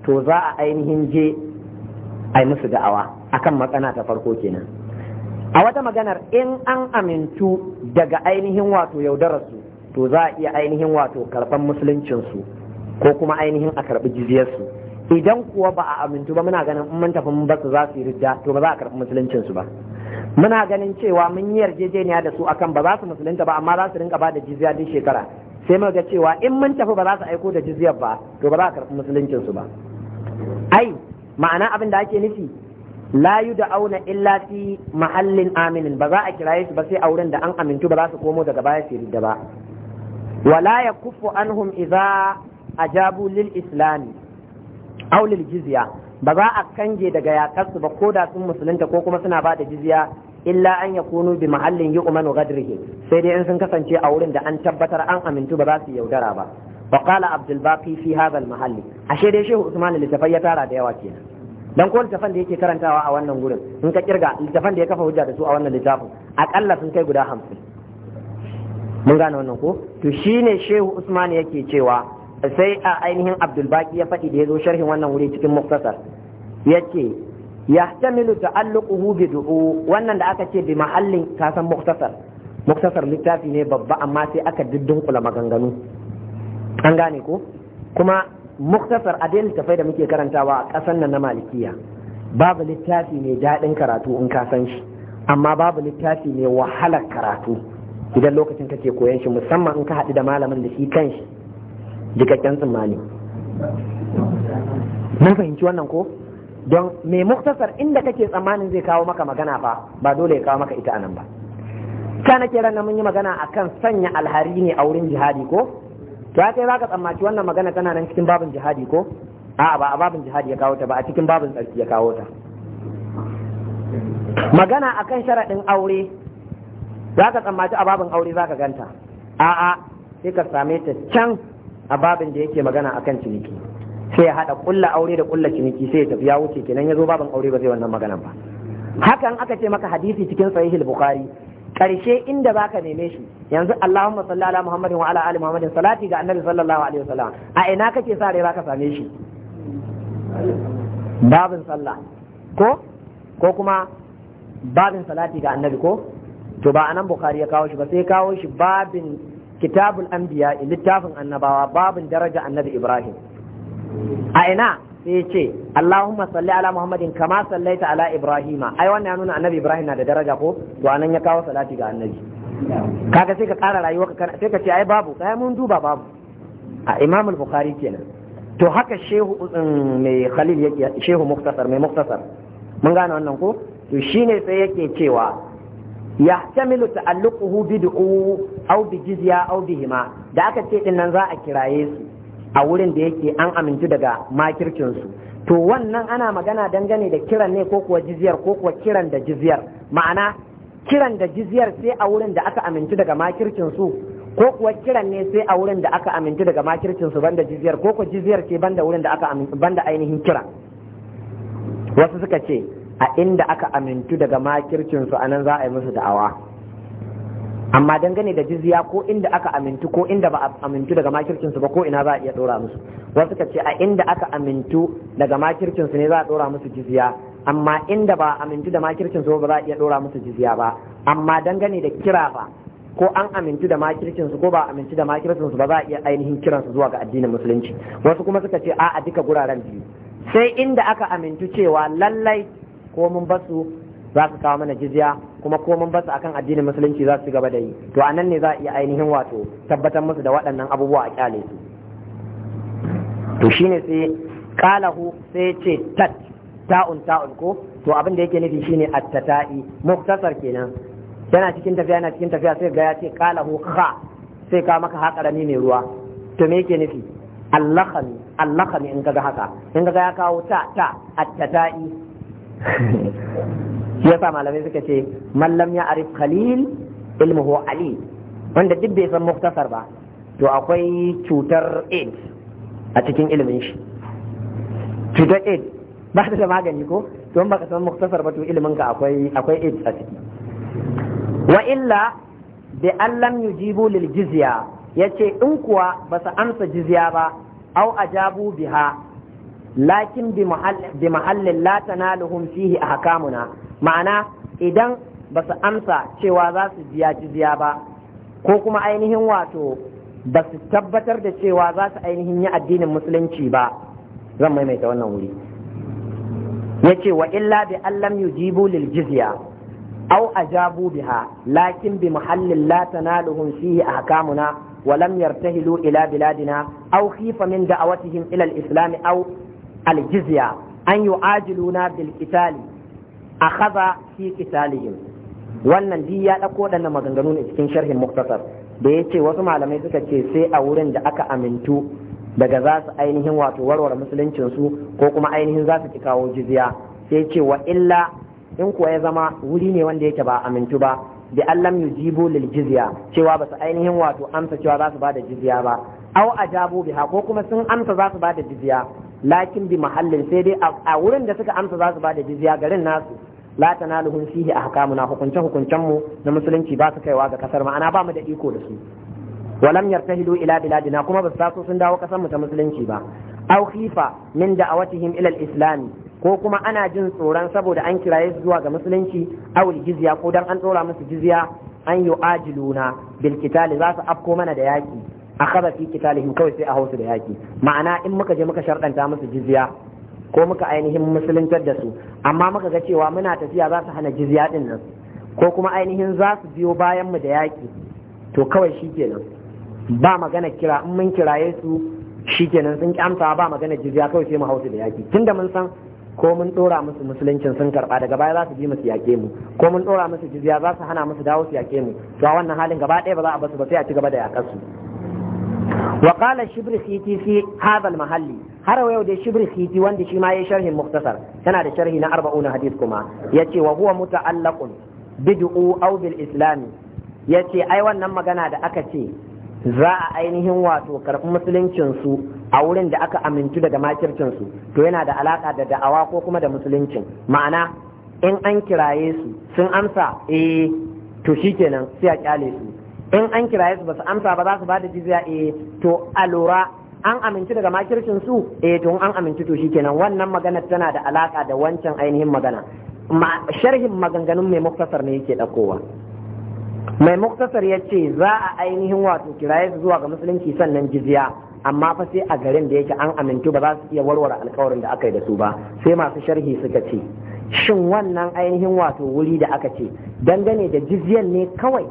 Speaker 1: to za a ainihin je ai musu da'awa akan matsana ta farko kenan a wata maganar in an amintu daga ainihin wato yaudararsu to za a iya ainihin wato karɓar musuluncinsu ko kuma ainihin a karɓi jiziyarsu idan kuwa ba a amintu ba muna ganin mun tafi mun basu za su yi ridda to ba za a karɓi musuluncinsu ba muna ganin cewa mun yi yarjejeniya da su akan ba za su musulunta ba amma za su rinka ba da jizya duk shekara sai muka ga cewa in mun tafi ba za su aiko da jiziyar ba to ba za a karɓi musuluncinsu ba ai ma'ana abin da ake nufi Layu da auna illa fi mahallin aminin ba za a kiraye su ba sai a wurin da an amintu ba za su komo daga baya su da ba wala yakuffu anhum idza ajabu lil islam aw lil ba za a kange daga yakar ba ko da sun musulunta ko kuma suna ba da jizya illa an yakunu bi mahallin yu'manu gadrihi sai dai in sun kasance a wurin da an tabbatar an amintu ba za su yaudara ba وقال عبد muhalli. Ashe هذا المحل Usman شيخ ya اللي da yawa kenan. dan ko littafan da yake karantawa a wannan gurin in ka kirga littafan da ya kafa hujja da su a wannan littafin akalla sun kai guda hamsin mun gane wannan ko to shine shehu usman yake cewa sai a ainihin abdul baki ya faɗi da ya zo sharhin wannan wuri cikin muktasar yace yahtamilu ta'alluquhu bi du'u wannan da aka ce bi mahallin kasan muktasar muktasar littafi ne babba amma sai aka diddin kula maganganu an gane ko kuma muktasar a daina tafai da muke karantawa a ƙasan nan na malikiya babu littafi mai daɗin karatu in ka san shi amma babu littafi mai wahalar karatu idan lokacin kake koyan shi musamman in ka haɗu da malamin da shi kan shi jikakken tsammani mun fahimci wannan ko don mai muktasar inda kake tsammanin zai kawo maka magana fa ba dole ya kawo maka ita anan ba na ke ranar mun yi magana akan sanya alhari ne a wurin jihadi ko to ya kai zaka tsammaci wannan magana tana nan cikin babin jihadi ko a'a ba a babin jihadi ya kawo ta ba a cikin babin tsarki ya kawo ta magana akan sharaɗin aure zaka tsammaci a babin aure zaka ganta a'a sai ka same ta can a babin da yake magana akan ciniki sai ya haɗa ƙulla aure da ƙulla ciniki sai ya tafi ya wuce kenan ya zo babin aure ba zai wannan magana ba hakan aka ce maka hadisi cikin sahihul bukhari karshe inda baka neme shi yanzu Allahumma salli ala Muhammadin wa ala ali Muhammadin salati ga Annabi sallallahu alaihi wasallam a ina kake sa rai baka same shi babin sallah ko ko kuma babin salati ga Annabi ko to ba anan Bukhari ya kawo shi ba sai kawo shi babin kitabul anbiya littafin annabawa babin daraja Annabi Ibrahim a ina sai ce Allahumma salli ala Muhammadin kama sallaita ala Ibrahim. ai wannan ya nuna annabi Ibrahim na da daraja ko to anan ya kawo salati ga annabi kaga sai ka kara rayuwa ka sai ka ce ai babu sai mun duba babu a Imam al-Bukhari kenan to haka shehu um, mai Khalil yake shehu muktasar mai muktasar mun gane wannan ko to shine sai yake cewa yahtamilu ta'alluquhu bid'u aw bi jizya aw bihima da aka ce din nan za a kiraye su a wurin da yake an amintu daga makircinsu to wannan ana magana dangane da kiran ne ko kuwa jiziyar ko kuwa kiran da jiziyar ma'ana kiran da jiziyar sai a wurin da aka amintu daga makircinsu ko kuwa kiran ne sai a wurin da aka amintu daga makircinsu banda jiziyar ko kuwa jiziyar ce banda wurin da aka amintu banda ainihin kira wasu suka ce a inda aka amintu daga makircinsu anan za a yi musu da'awa amma dangane da jizya ko inda aka amintu ko inda ba amintu daga makircin su ba ko ina za a iya dora musu wasu ka ce a inda aka amintu daga makircin su ne za a dora musu jizya amma inda ba amintu da makircin su ba za a iya dora musu jizya ba amma dangane da kira ba ko an amintu da makircin su ko ba amintu da makircin su ba za a iya ainihin kiran su zuwa ga addinin musulunci wasu kuma suka ce a'a duka guraren biyu sai inda aka amintu cewa lallai ko mun basu za su kawo mana jizya kuma ko mun basu akan addinin musulunci za su gaba da yi to a nan ne za a iya ainihin wato tabbatar musu da waɗannan abubuwa a kyale su to shine sai qalahu sai ce tat ta'un ta'un ko to abin da yake nufi shine attata'i muktasar kenan yana cikin tafiya yana cikin tafiya sai ga ya ce qalahu kha sai ka maka haƙarami mai ruwa to me yake nufi allakhami allakhami in kaga haka in kaga ya kawo ta ta attata'i shi yasa malamai suka ce mallam ya arif khalil ilmuhu ali wanda duk bai san muktasar ba to akwai cutar aids a cikin ilimin shi cutar aids ba ta da magani ko to in baka san muktasar ba to ilimin ka akwai akwai aids a ciki wa illa bi lam yujibu lil jizya yace in kuwa ba su amsa jizya ba au ajabu biha lakin bi mahallin latana tanaluhum fihi hakamuna. ma'ana idan ba su amsa cewa za su biya jizya ba ko kuma ainihin wato ba su tabbatar da cewa za su ainihin yi addinin musulunci ba zan maimaita wannan wuri yace wa illa bi allam yujibu lil jizya aw ajabu biha lakin bi muhallin la tanaluhum fihi ahkamuna ولم ila biladina بلادنا أو خيف من دعوتهم إلى الإسلام أو aljizya an يعاجلونا بالقتال bil في a wannan di ya ɗauko waɗannan maganganu ne cikin sharhin muktasar da ya ce wasu malamai suka ce sai a wurin da aka amintu daga za su ainihin wato warware musuluncinsu ko kuma ainihin za su ki kawo jizya sai ce wa illa in kuwa ya zama wuri ne wanda yake ba amintu ba bi allam yujibu lil jizya cewa ba su ainihin wato amsa cewa za su ba da jizya ba au ajabu biha ko kuma sun amsa za su ba da jizya lakin bi mahallin sai dai a wurin da suka amsa za su ba da jizya garin nasu la tanaluhum fihi ahkamuna hukunce hukuncen mu na musulunci ba su kaiwa ga kasar ma'ana ba mu da iko da su walam yartahidu ila biladina kuma ba su sun dawo kasar mu ta musulunci ba aw khifa min da'awatihim ila al-islam ko kuma ana jin tsoron saboda an kiraye su zuwa ga musulunci aw jizya ko dan an tsora musu jizya an yu'ajiluna bil qital za su afko mana da yaki akhadha fi qitalihim kawai sai a hausu da yaki ma'ana in muka je muka shardanta musu jizya ko muka ainihin musuluntar da su amma muka ga cewa muna tafiya za su hana jizya din nan ko kuma ainihin za su biyo bayan mu da yaki to kawai shikenan ba magana kira in mun kiraye su shikenan sun kyamta ba magana jizya kawai sai mu hausu da yaki tunda mun san ko mun dora musu musuluncin sun karba daga baya za su bi musu yake mu ko mun dora musu jizya za su hana musu dawo su yake mu to a wannan halin gaba ɗaya ba za a basu ba sai a ci gaba da yakar su وقال الشبرسيتي في هذا المحل har yau da shibrisiti wanda shi ya ya sharhin muktasar tana da sharhi na 40 hadis kuma yace wa huwa muta'allaqun bid'u aw bil islam yace ai wannan magana da aka ce za a ainihin wato karɓi musuluncin su a wurin da aka amintu daga makircin su to yana da alaka da da'awa ko kuma da musuluncin ma'ana in an kiraye su sun amsa e to shi shikenan sai a kyale su in an kiraye su ba su amsa ba za su ba da jizya eh to a lura an aminci daga makircin su eh to an aminci to shikenan wannan magana tana da alaka da wancan ainihin magana sharhin maganganun mai muktasar ne yake dakowa mai muktasar ya ce za a ainihin wato kiraye su zuwa ga musulunci sannan jizya amma fa sai a garin da yake an amintu ba za su iya warware alkawarin da aka yi da su ba sai masu sharhi suka ce shin wannan ainihin wato wuri da aka ce dangane da jizyan ne kawai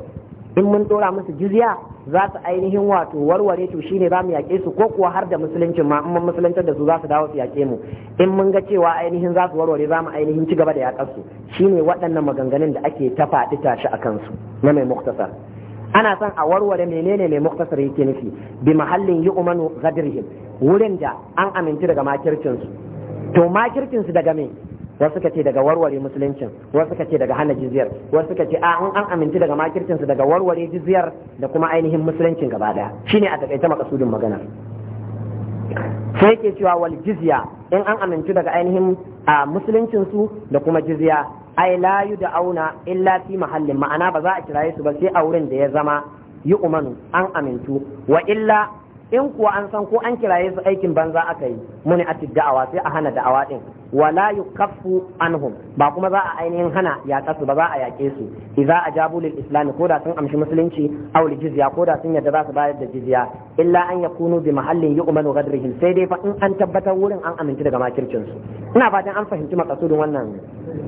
Speaker 1: in mun dora musu jizya za su ainihin wato warware to shine za mu yaƙe su ko kuwa har da musuluncin ma in mun musuluntar da su za su dawo su yaƙe mu in mun ga cewa ainihin za su warware za mu ainihin ci gaba da yaƙar su shine waɗannan maganganun da ake ta faɗi tashi a kansu na mai muktasar ana son a warware menene mai muktasar yake nufi bi mahallin yi umanu gadirhim wurin da an amince daga makircinsu to makircinsu daga me wasu suka ce daga warware musuluncin wasu suka ce daga hana jizyar wasu suka ce a an aminci daga makircin daga warware jizyar da kuma ainihin musuluncin gaba daya shine a takaice makasudin magana sai yake cewa wal jizya in an aminci daga ainihin musuluncin su da kuma jizya ai la auna illa fi mahallin ma'ana ba za a kiraye su ba sai a wurin da ya zama yi umanu an amintu wa illa in kuwa an san ko an kiraye su aikin banza aka yi muni a da'awa sai a hana da'awa ɗin. wala yukaffu anhum ba kuma za a ainihin hana yaƙa su ba za a yaƙe su Iza ajabu lil islam ko da sun amshi musulunci aw lil jizya ko da sun yadda za su bayar da jizya illa an ya yakunu bi mahallin yu'manu ghadrihim sai dai fa in an tabbatar wurin an aminci daga makircin su ina fatan an fahimci makasudin wannan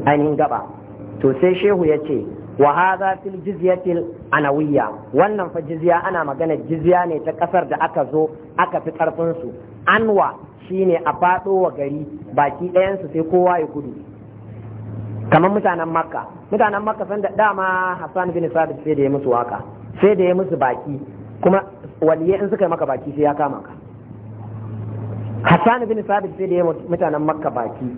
Speaker 1: ainihin gaba to sai shehu ya ce wa hadha fil jizyati anawiyya wannan fa jizya ana magana jizya ne ta kasar da aka zo aka fi karfin su anwa shine a fado wa gari baki ɗayan su sai kowa ya gudu kamar mutanen makka mutanen makka san da dama hassan bin sabit sai da ya musu waka sai da ya musu baki kuma waliye in suka yi maka baki sai ya kama ka hassan bin sabit sai da ya mutanen makka baki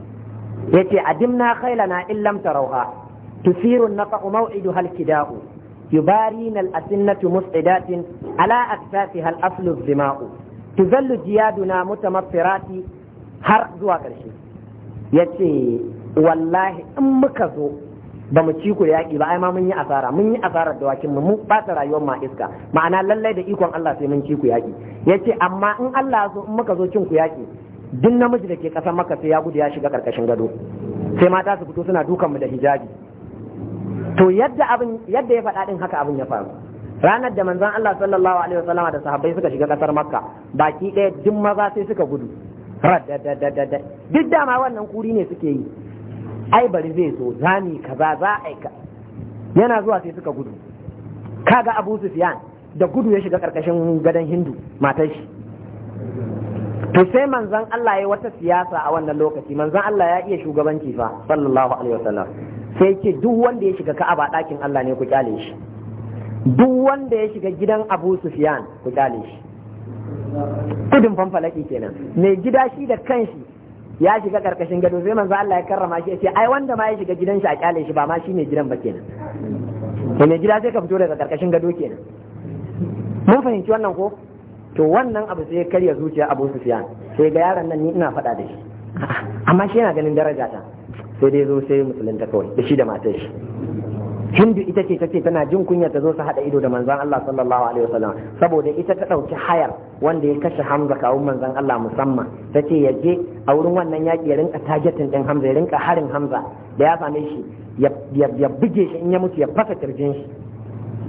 Speaker 1: yace adimna khailana illam tarauha تثير النفع موعدها الكداء يبارين الأسنة مسعدات على أكتافها الأصل الظماء تذل جيادنا متمطرات har zuwa ƙarshe ya ce wallahi in muka zo ba mu ci ku da yaƙi ba ai ma mun yi asara mun yi asarar dawakin mu ba ta rayuwar ma iska ma'ana lallai da ikon Allah sai mun ci ku yaƙi yace amma in Allah zo in muka zo cin ku yaƙi duk namiji da ke kasar maka sai ya gudu ya shiga ƙarƙashin gado sai mata su fito suna dukan mu da hijabi to yadda abin yadda ya faɗa haka abin ya faru ranar da manzon Allah sallallahu alaihi wasallam da sahabbai suka shiga kasar Makka baki ɗaya duk maza sai suka gudu radadadadada duk dama wannan kuri ne suke yi ai bari zai zo zani kaza za a aika yana zuwa sai suka gudu kaga Abu Sufyan da gudu ya shiga karkashin gadon Hindu matar shi to sai manzon Allah ya wata siyasa a wannan lokaci manzon Allah ya iya shugabanci fa sallallahu alaihi wasallam sai ce duk wanda ya shiga ka'aba ɗakin Allah ne ku kyale shi duk wanda ya shiga gidan Abu Sufyan ku kyale shi tudun fanfalaki kenan mai gida shi da kanshi ya shiga karkashin gado sai manzo Allah ya karrama shi ya ce ai wanda ma ya shiga gidan shi a kyale shi ba ma shi mai gidan ba kenan to mai gida sai ka fito daga karkashin gado kenan mun fahimci wannan ko to wannan abu sai karya zuciya abu sufiyan sai ga yaron nan ni ina faɗa da shi amma shi yana ganin daraja ta sai dai zo sai musulunta kawai da shi da matar shi hindu ita ce tace tana jin kunya ta zo su haɗa ido da manzan Allah sallallahu alaihi wasallam saboda ita ta ɗauki hayar wanda ya kashe Hamza kawun manzan Allah musamman tace ya je a wurin wannan yaki ya rinka targetin ɗin Hamza ya rinka harin Hamza da ya same shi ya buge shi in ya mutu ya fasa kirjin shi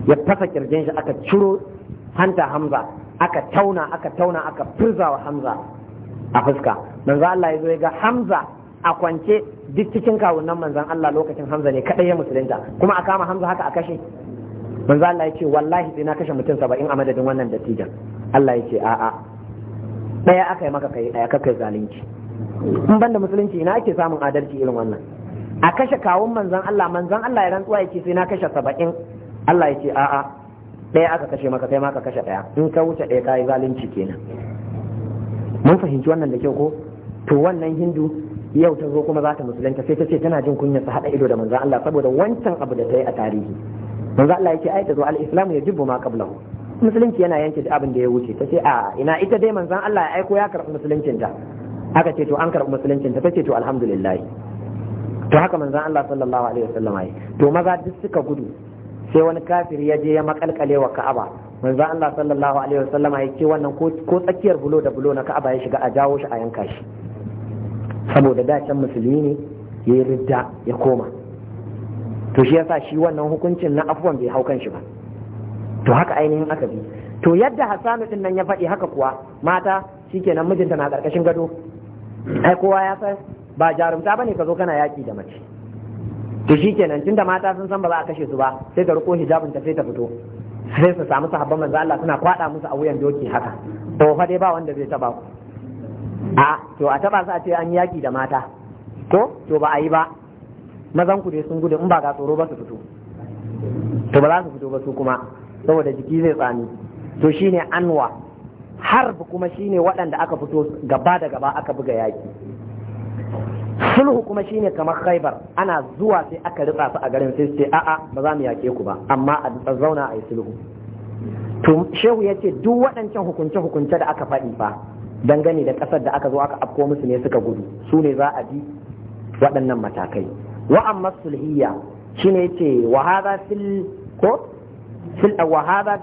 Speaker 1: ya fasa kirjin shi aka ciro hanta Hamza aka tauna aka tauna aka firzawa Hamza a fuska manzon Allah ya zo ya ga Hamza a kwance duk cikin kawunan manzan Allah lokacin Hamza ne kadai ya musulunta kuma a kama Hamza haka a kashe manzo Allah ya ce wallahi sai na kashe mutum saba'in a madadin wannan dattijan Allah ya ce a'a daya aka yi maka kai daya kakai zalunci in banda musulunci ina ake samun adalci irin wannan a kashe kawun manzan Allah manzan Allah ya rantsuwa ya ce sai na kashe saba'in Allah ya ce a'a daya aka kashe maka kai ma ka kashe daya in ka wuce daya kai zalunci kenan mun fahimci wannan da kyau ko to wannan hindu yau ta zo kuma za ta musulunta sai ta ce tana jin kunyar ta hada ido da manzan Allah saboda wancan abu da ta yi a tarihi Manzan Allah yake ai ta zo al-islamu yajibu ma qablahu musulunci yana yanke da abin da ya wuce ta ce a ina ita dai manzan Allah ya aiko ya karɓi musuluncin ta aka ce to an karɓi musuluncin ta ce to alhamdulillah to haka manzan Allah sallallahu alaihi wasallam ai to maza duk suka gudu sai wani kafir ya je ya makalkale wa Ka'aba Manzan Allah sallallahu alaihi wasallam ya ce wannan ko tsakiyar bulo da bulo na Ka'aba ya shiga a jawo shi a yanka shi saboda dacen musulmi ne ya yi ridda ya koma to shi yasa shi wannan hukuncin na afuwan bai hau kanshi ba to haka ainihin aka bi to yadda hasanu din nan ya faɗi haka kuwa mata shikenan mijinta na ƙarƙashin gado ai kowa ya san ba jarumta bane ka zo kana yaƙi da mace to shikenan tunda mata sun san ba za a kashe su ba sai ta riko hijabin ta sai ta fito sai su samu sahabban manzo Allah suna kwada musu a wuyan doki haka to fa dai ba wanda zai taba ku a to a taba su a ce an yaki da mata to to ba a yi ba mazan ku dai sun gudu in ba ga tsoro ba su fito to ba za su fito ba su kuma saboda jiki zai tsani to shine anwa harb kuma shine waɗanda aka fito gaba da gaba aka buga yaki sulhu kuma shine kamar khaibar ana zuwa sai aka ritsa su a garin sai sai a'a ba za mu yake ku ba amma a zauna a yi sulhu to shehu ya ce duk waɗancan hukunce-hukunce da aka faɗi fa dangane da ƙasar da aka zo aka afko musu ne suka gudu su ne za a bi waɗannan matakai wa amma sulhiyya shine yace wa hadha fil ko fil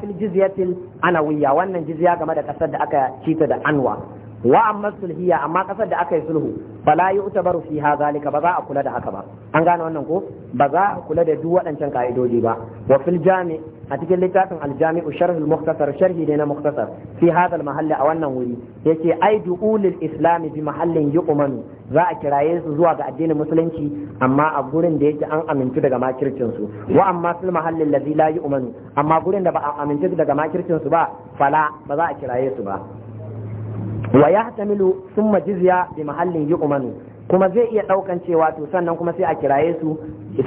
Speaker 1: fil jizyatil anawiyya wannan jizya game da ƙasar da aka cita da anwa wa amma sulhiya amma kasar da aka yi sulhu fala yu'tabaru fiha zalika ba za a kula da haka ba an gane wannan ko ba za a kula da duk waɗancan ka'idoji ba wa fil jami a cikin littafin aljami'u sharh al sharhi ne na mukhtasar fi hadha mahalli a wannan wuri yake ai du'ulil islam bi mahallin yuqman za a kiraye su zuwa ga addinin musulunci amma a gurin da yake an amintu daga makircin su wa amma fil mahallin ladhi la yu'man amma gurin da ba a amintu daga makircin su ba fala ba za a kiraye su ba wa yahtamilu sun majiziya bi mahallin yu'manu kuma zai iya daukan cewa to sannan kuma sai a kiraye su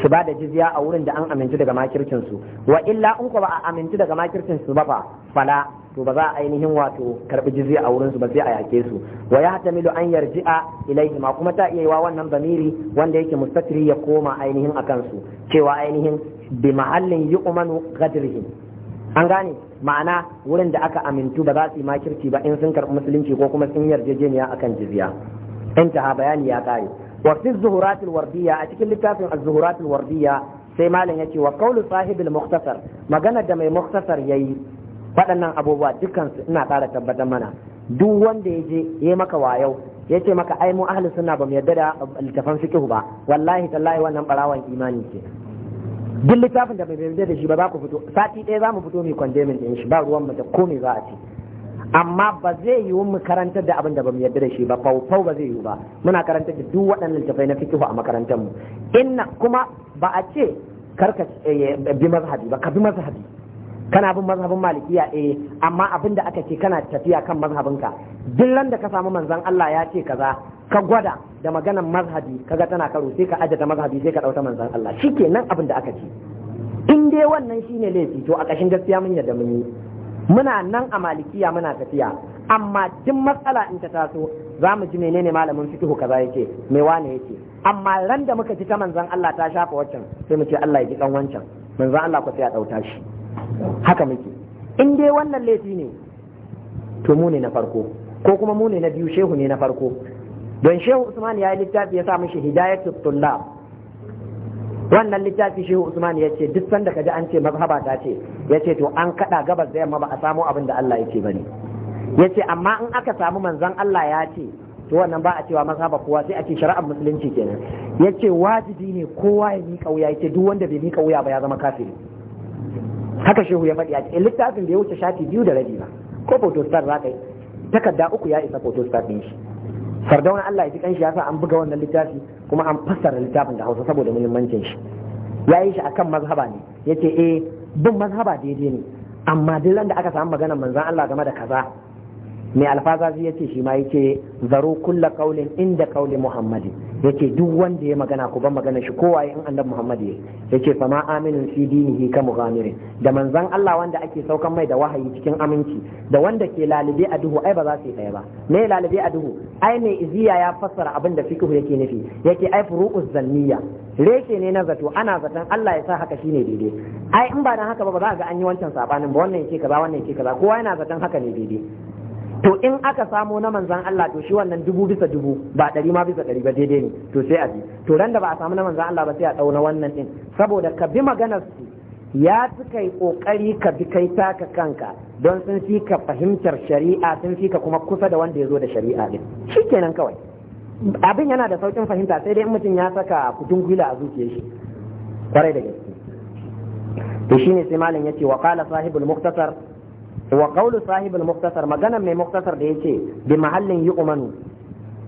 Speaker 1: su ba da jiziya a wurin da an aminci daga makircin wa illa in ko ba a aminci daga makircin su ba fa fala to ba za a ainihin wato karbi jiziya a wurinsu su ba sai a yake su wa milu an yarji'a ilaihi ma kuma ta iya yi wa wannan bamiri wanda yake mustatiri ya koma ainihin akan su cewa ainihin bi mahallin yu'manu gadirhin. an gane ma'ana wurin da aka amintu ba za su yi makirci ba in sun karɓi musulunci ko kuma sun yarjejeniya akan jizya intaha bayani ya kare wa fi zuhurat alwardiyya a cikin littafin az-zuhurat sai malam ya wa qawlu sahib al magana da mai mukhtasar yayi waɗannan abubuwa dukkan su ina ƙara tabbatar mana duk wanda ya je ya maka wayau ya ce maka ai mu ahli sunna ba mu yarda da littafan fiqh ba wallahi tallahi wannan barawan imani ce duk littafin da bai yarda da shi ba za ku fito sati ɗaya za mu fito mai kwandemin ɗin shi ba ruwan mu da komai za a ci amma ba zai yiwu mu karantar da abin da ba mu yarda da shi ba faufau ba zai yiwu ba muna karantar da duk waɗannan littafai na fikihu a makarantar mu inna kuma ba a ce karka eh, eh, bi mazhabi ba ka bi mazhabi kana bin mazhabin malikiya eh amma abin da aka ce kana tafiya kan mazhabinka dillan da ka samu manzon Allah ya ce kaza ka gwada da maganan mazhabi kaga tana karo sai ka ajata mazhabi sai ka ɗauta manzan Allah shikenan abin da aka ce in dai wannan shine laifi to a kashin gaskiya mun yarda mun yi muna nan a malikiya muna tafiya amma duk matsala in ta taso za mu ji menene malamin fiqh kaza yake mai wane yake amma ran da muka ji ta manzan Allah ta shafa waccan sai mu ce Allah ya ji dan wancan manzan Allah ku sai a ɗauta shi haka muke in dai wannan laifi ne to mu ne na farko ko kuma mu ne na biyu shehu ne na farko don shehu usman ya yi littafi ya samun shi hidayat tullab wannan littafi shehu usman ya ce duk sanda ka ji an ce mazhaba ta ce ya ce to an kada gabas da yamma ba a samu abin da Allah ya ce bane ya ce amma in aka samu manzon Allah ya ce to wannan ba a cewa mazhaba kowa sai a ce shari'ar musulunci kenan ya ce wajibi ne kowa ya miƙa wuya ya ce duk wanda bai miƙa wuya ba ya zama kafiri haka shehu ya faɗi a e littafin da ya wuce shafi biyu da rabi ba ko photostar za ka yi takarda uku ya isa photostar ɗin shi sardauna Allah ya ji kanshi ya sa an buga wannan littafi kuma an fassara littafin da Hausa saboda muhimmancin shi ya yi shi akan mazhaba ne Ya ce eh bin mazhaba daidai ne amma duk da aka samu maganar manzon Allah game da kaza mai alfaza ya ce shi ma yake zaro kulla kaulin inda kauli muhammadin yake duk wanda ya magana ku ban magana shi kowa in annabi muhammad ya yace fa ma aminin fi dinihi ka mughamirin da manzon Allah wanda ake saukan mai da wahayi cikin aminci da wanda ke lalibi a duhu ai ba za su yi ɗaya ba me lalibi a duhu ai mai iziya ya fassara abin da fiqhu yake nufi yake ai furu'uz zanniya Reke ne na zato ana zaton Allah ya sa haka shine daidai ai in ba dan haka ba ba za a ga an yi wancan sabanin ba wannan yake kaza wannan yake kaza kowa yana zaton haka ne daidai to in aka samo na manzan Allah to shi wannan dubu bisa dubu ba ɗari ma bisa ɗari ba daidai ne to sai a ji to ran da ba a samu na manzan Allah ba sai a ɗau na wannan ɗin saboda ka bi maganar su ya fi kai ƙoƙari ka bi kai taka kanka don sun fi ka fahimtar shari'a sun fi ka kuma kusa da wanda ya zo da shari'a ɗin shi kenan kawai abin yana da saukin fahimta sai dai in mutum ya saka kutun gwila a zuciyar shi kwarai da gaske to shine sai malam yace wa qala sahibul muktasar wa qawlu sahibul muktasar magana mai muktasar da yace bi mahallin yu'manu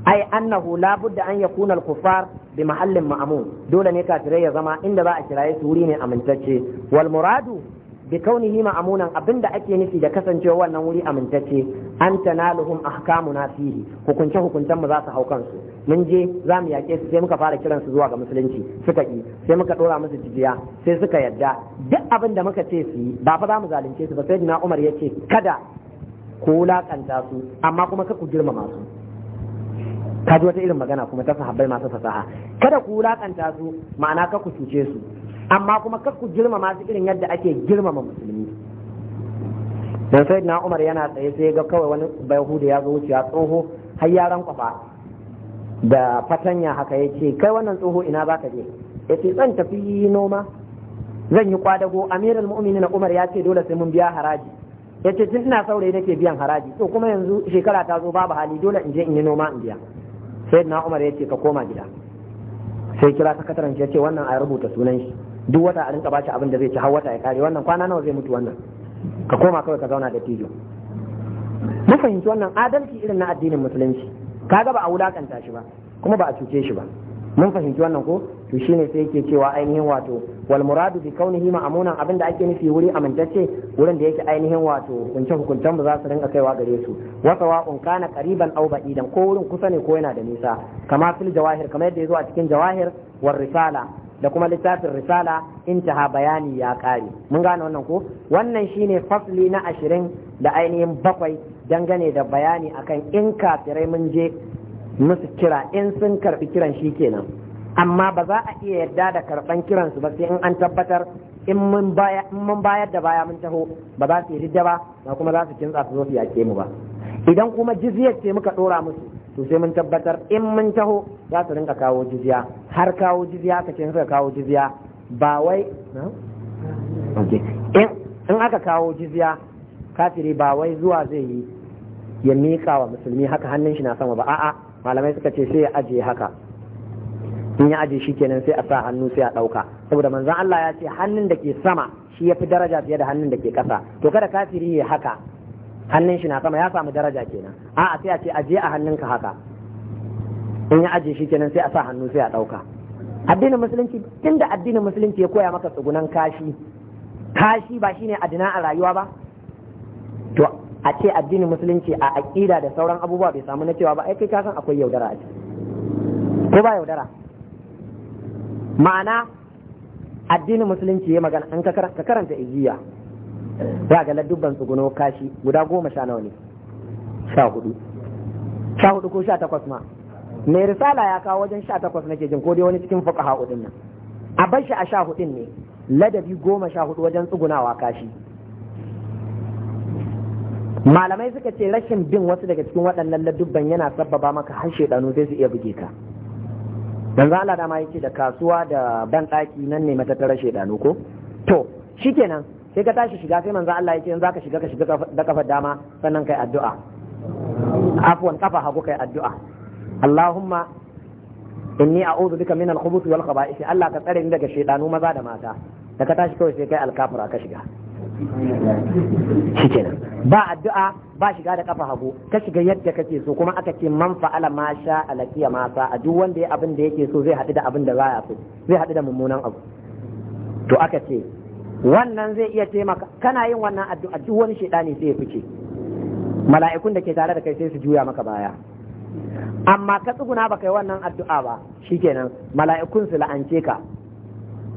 Speaker 1: ai annahu la budda an yakuna al-kuffar bi mahallin ma'mun dole ne kafirai ya zama inda za a kiraye su wuri ne amintacce wal muradu bi kaunihi ma'amunan abinda ake nufi da kasancewa wannan wuri amintacce an tanaluhum ahkamuna fihi hukunce hukuncen mu za su hau kansu mun je za mu yaƙe su sai muka fara kiran su zuwa ga musulunci suka yi sai muka ɗora musu jijiya sai suka yadda duk abin da muka ce su yi ba fa za mu zalunce su ba sai na Umar ce kada ku wulaƙanta su amma kuma ka ku girmama su ka ji wata irin magana kuma ta sahabbai masu fasaha kada ku wulakanta su ma'ana ka ku cuce su amma kuma kar ku girmama su irin yadda ake girmama musulmi dan sai na Umar yana tsaye sai ga kawai wani bayahudi ya zo wuciya tsoho har yaran kwafa da fatanya haka ya kai wannan tsoho ina zaka je ya zan tafi noma zan yi kwadago amirul mu'minin Umar ya ce dole sai mun biya haraji ya tun ina saurayi nake biyan haraji to kuma yanzu shekara ta zo babu hali dole in je in yi noma in biya sai na Umar ya ka koma gida sai kira sakataren ya ce wannan a rubuta sunan shi duk wata a rinka bashi abin da zai ci har wata ya kare wannan kwana nawa zai mutu wannan ka koma kawai ka zauna da tijo mu fahimci wannan adalci irin na addinin musulunci kaga ba a wulakanta shi ba kuma ba a cuce shi ba mun fahimci wannan ko to shine sai yake cewa ainihin wato wal muradu bi kaunihi ma'amunan abin da ake nufi wuri amintacce wurin da yake ainihin wato hukunce hukuncen ba za su rinka kaiwa gare su wa sawa'un kana qariban aw ba'idan ko wurin kusa ne ko yana da nisa kama fil jawahir kamar yadda yazo a cikin jawahir war risala da kuma littafin risala intaha bayani ya kare mun gane wannan ko wannan shine fasli na ashirin da ainihin bakwai dangane da bayani akan in kafirai mun je musu kira in sun karbi kiran shi kenan amma ba za a iya yarda da karban kiransu ba sai in an tabbatar in mun bayar da baya mun taho ba za su yi ba ba kuma za su kinsa su zo su yake mu ba idan kuma jizyar ce muka dora musu to sai mun tabbatar in mun taho za su rinka kawo jizya har kawo jizya ka ce suka kawo jizya ba wai in aka kawo jizya kafiri ba wai zuwa zai yi ya miƙa wa musulmi haka hannun shi na sama ba a'a malamai suka ce sai ya ajiye haka in ya ajiye shi kenan sai a sa hannu sai a ɗauka saboda manzon Allah ya ce hannun da ke sama shi ya fi daraja fiye da hannun da ke ƙasa to kada kafiri ya haka hannun shi na sama ya samu daraja kenan a sai a ce aje a hannunka haka in ya aje shi kenan sai a sa hannu sai a ɗauka addinin musulunci tunda addinin musulunci ya koya maka tsugunan kashi kashi ba shine adina a rayuwa ba to a ce addinin musulunci a aqida da sauran abubuwa bai samu na cewa ba ai kai ka san akwai yaudara a ciki ko ba yaudara ma'ana addinin musulunci ya magana an ka karanta igiya za ga ladubban tsuguno kashi guda goma sha nawa ne sha hudu sha hudu ko sha takwas ma mai risala ya kawo wajen sha takwas nake jin ko dai wani cikin fuka hudun nan a bar shi a sha hudun ne ladabi goma sha hudu wajen tsugunawa kashi malamai suka ce rashin bin wasu daga cikin waɗannan ladubban yana sababa maka har shaidanu sai su iya buge ka yanzu Allah dama yake da kasuwa da ban ɗaki nan ne matattarar shaidanu ko to shikenan sai ka tashi shiga sai manzo Allah ya ce in zaka shiga ka shiga da kafar dama sannan kai addu'a afwan kafa hagu kai addu'a Allahumma inni a'udhu bika min al-khubuthi wal khaba'ith Allah ka tsare ni daga shedanu maza da mata da ka tashi kawai sai kai alkafura ka shiga shikenan ba addu'a ba shiga da kafa hagu ka shiga yadda kake so kuma aka ce man fa'ala ma sha alakiya ma sa a duk wanda ya abin da yake so zai haɗu da abin da za ya so zai haɗu da mummunan abu to aka ce wannan zai iya taimaka kana yin wannan addu'a duk wani ne sai ya fice mala'ikun da ke tare da kai sai su juya maka baya amma ka tsuguna baka yi wannan addu'a ba shikenan mala'ikun su la'ance ka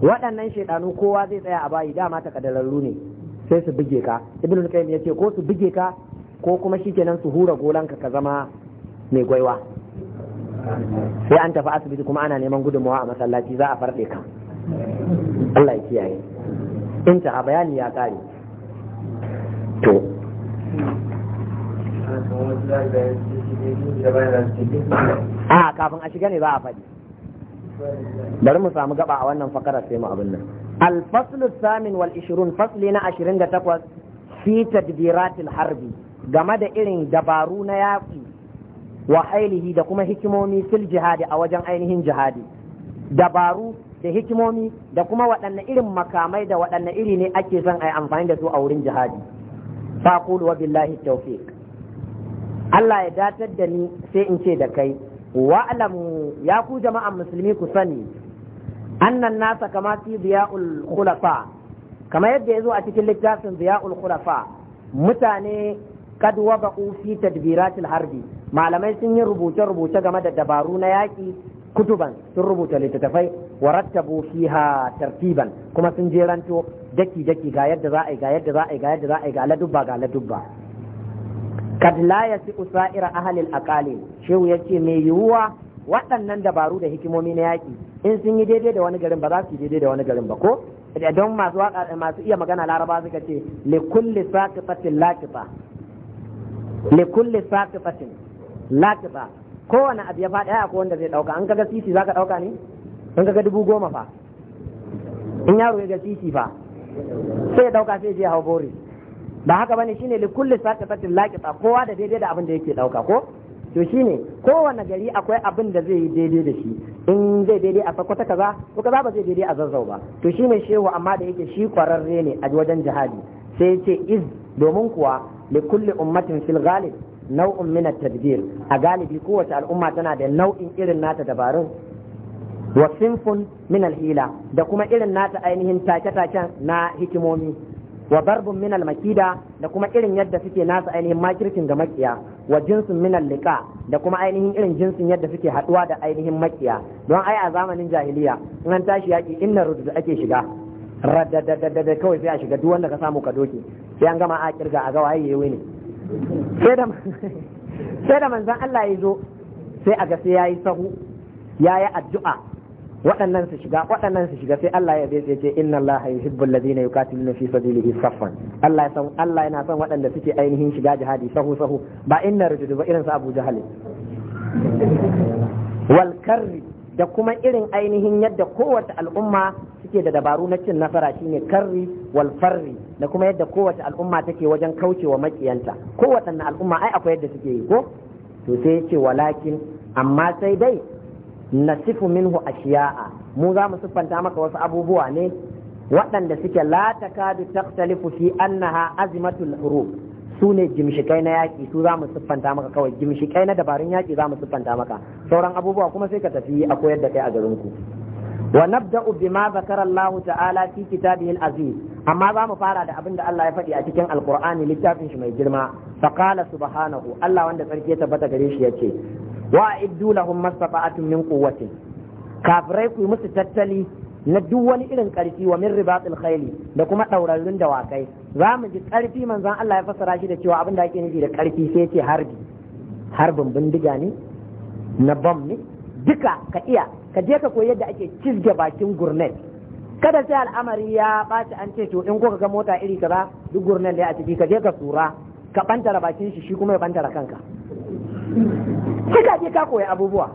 Speaker 1: waɗannan shedanu kowa zai tsaya a bayi dama ta kadararru ne sai su buge ka ibnu qayyim yace ko su buge ka ko kuma shikenan su hura golanka ka zama mai gwaiwa sai an tafi asibiti kuma ana neman gudunmawa a masallaci za a farɗe ka Allah ya kiyaye intaha bayani ya kare to a kafin a shiga ne za a faɗi bari mu samu gaba a wannan fakara sai mu abin nan alfaslu samin wal ishirun fasli na ashirin da takwas fi tadbiratil harbi game da irin dabaru na yaƙi wa da kuma hikimomi fil jihadi a wajen ainihin jihadi dabaru da hikimomi da kuma waɗanne irin makamai da waɗanne iri ne ake son a yi amfani da su a wurin jihadi faqulu wa billahi tawfiq Allah ya datar da ni sai in ce da kai wa ya ku jama'an musulmi ku sani annan nasa kama fi ziya'ul khulafa kama yadda ya zo a cikin littafin ziya'ul khulafa mutane kad waba'u fi tadbiratil harbi malamai sun yi rubuce-rubuce game da dabaru na yaƙi kutuban sun rubuta littattafai wa rattabu fiha tartiban kuma sun jeranto daki daki ga yadda za a yi ga yadda za a yi ga yadda za a yi ga ladubba ga ladubba kad la yasi'u sa'ira ahli al-aqali shehu yace me yiwuwa waɗannan dabaru da hikimomi na yaki in sun yi daidai da wani garin ba za su yi daidai da wani garin ba ko don masu waka masu iya magana laraba suka ce li kulli saqifatin laqifa li kulli saqifatin laqifa kowane abu ya faɗi ko wanda zai ɗauka an kaga sisi ka ɗauka ne in kaga dubu goma fa in yaro ya ga titi fa sai ya dauka sai je hau bori ba haka bane shine li kulli saqatatin laqita kowa da daidai da abin da yake dauka ko to shine kowanne gari akwai abin da zai yi daidai da shi in zai daidai a sakwata kaza ko kaza ba zai daidai a zazzau ba to shine shehu amma da yake shi kwararre ne a wajen jihadi sai ya ce iz domin kuwa li kulli ummatin fil nau'in nau'un min a galibi kowace al'umma tana da nau'in irin nata dabarun wa sinfun min alhila da kuma irin nata ainihin take-taken na hikimomi wa barbun min almakida da kuma irin yadda suke nasa ainihin makirkin ga makiya wa jinsin min allika da kuma ainihin irin jinsin yadda suke haduwa da ainihin makiya don ai a zamanin jahiliya in an tashi yaki inna rudu ake shiga radadadadada kawai sai a shiga duk wanda ka samu ka doke sai an gama a kirga a ga yayi ne [LAUGHS] sai da manzon Allah ya zo sai a ga sai yayi sahu yayi addu'a waɗannan su shiga waɗannan su shiga sai Allah ya zai ce inna Allah yuhibbul ladina yuqatiluna fi sabilihi saffan Allah ya san Allah yana son waɗanda suke ainihin shiga jihadi sahu sahu ba inna rujudu ba irin su Abu Jahal wal karri da kuma irin ainihin yadda kowace al'umma suke da dabaru na cin nasara shine karri wal farri da kuma yadda kowace al'umma take wajen kaucewa makiyanta kowace al'umma ai akwai yadda suke yi ko to sai ce walakin amma sai dai nasifu minhu ashiya'a mu za mu siffanta maka wasu abubuwa ne waɗanda suke la takadu taktalifu fi annaha azimatul hurub su ne jimshikai na yaƙi su za mu siffanta maka kawai jimshikai na dabarun yaƙi za mu siffanta maka sauran abubuwa kuma sai ka tafi a koyar da kai a garin ku wa nabda'u bima zakara Allah ta'ala fi kitabihi al-aziz amma za mu fara da abin da Allah ya faɗi a cikin alqur'ani littafin shi mai girma fakala subhanahu Allah wanda tsarki ya tabbata gare shi yace wa iddu lahum mastata'atun min quwwatin kafirai ku musu tattali na duk wani irin karfi wa min ribatil khayli da kuma daurarrun dawakai za mu ji karfi manzon Allah ya fassara shi da cewa abin da ake nufi da karfi sai ce harbi harbin bindiga ne na bom ne duka ka iya ka je ka koyi yadda ake cizge bakin gurnet kada sai al'amari ya ɓaci an ce to in ko ka ga mota iri kaza duk gurnet ne a ciki ka je ka sura ka bantara bakin shi shi kuma ya bantara kanka sai ka je ka koyi abubuwa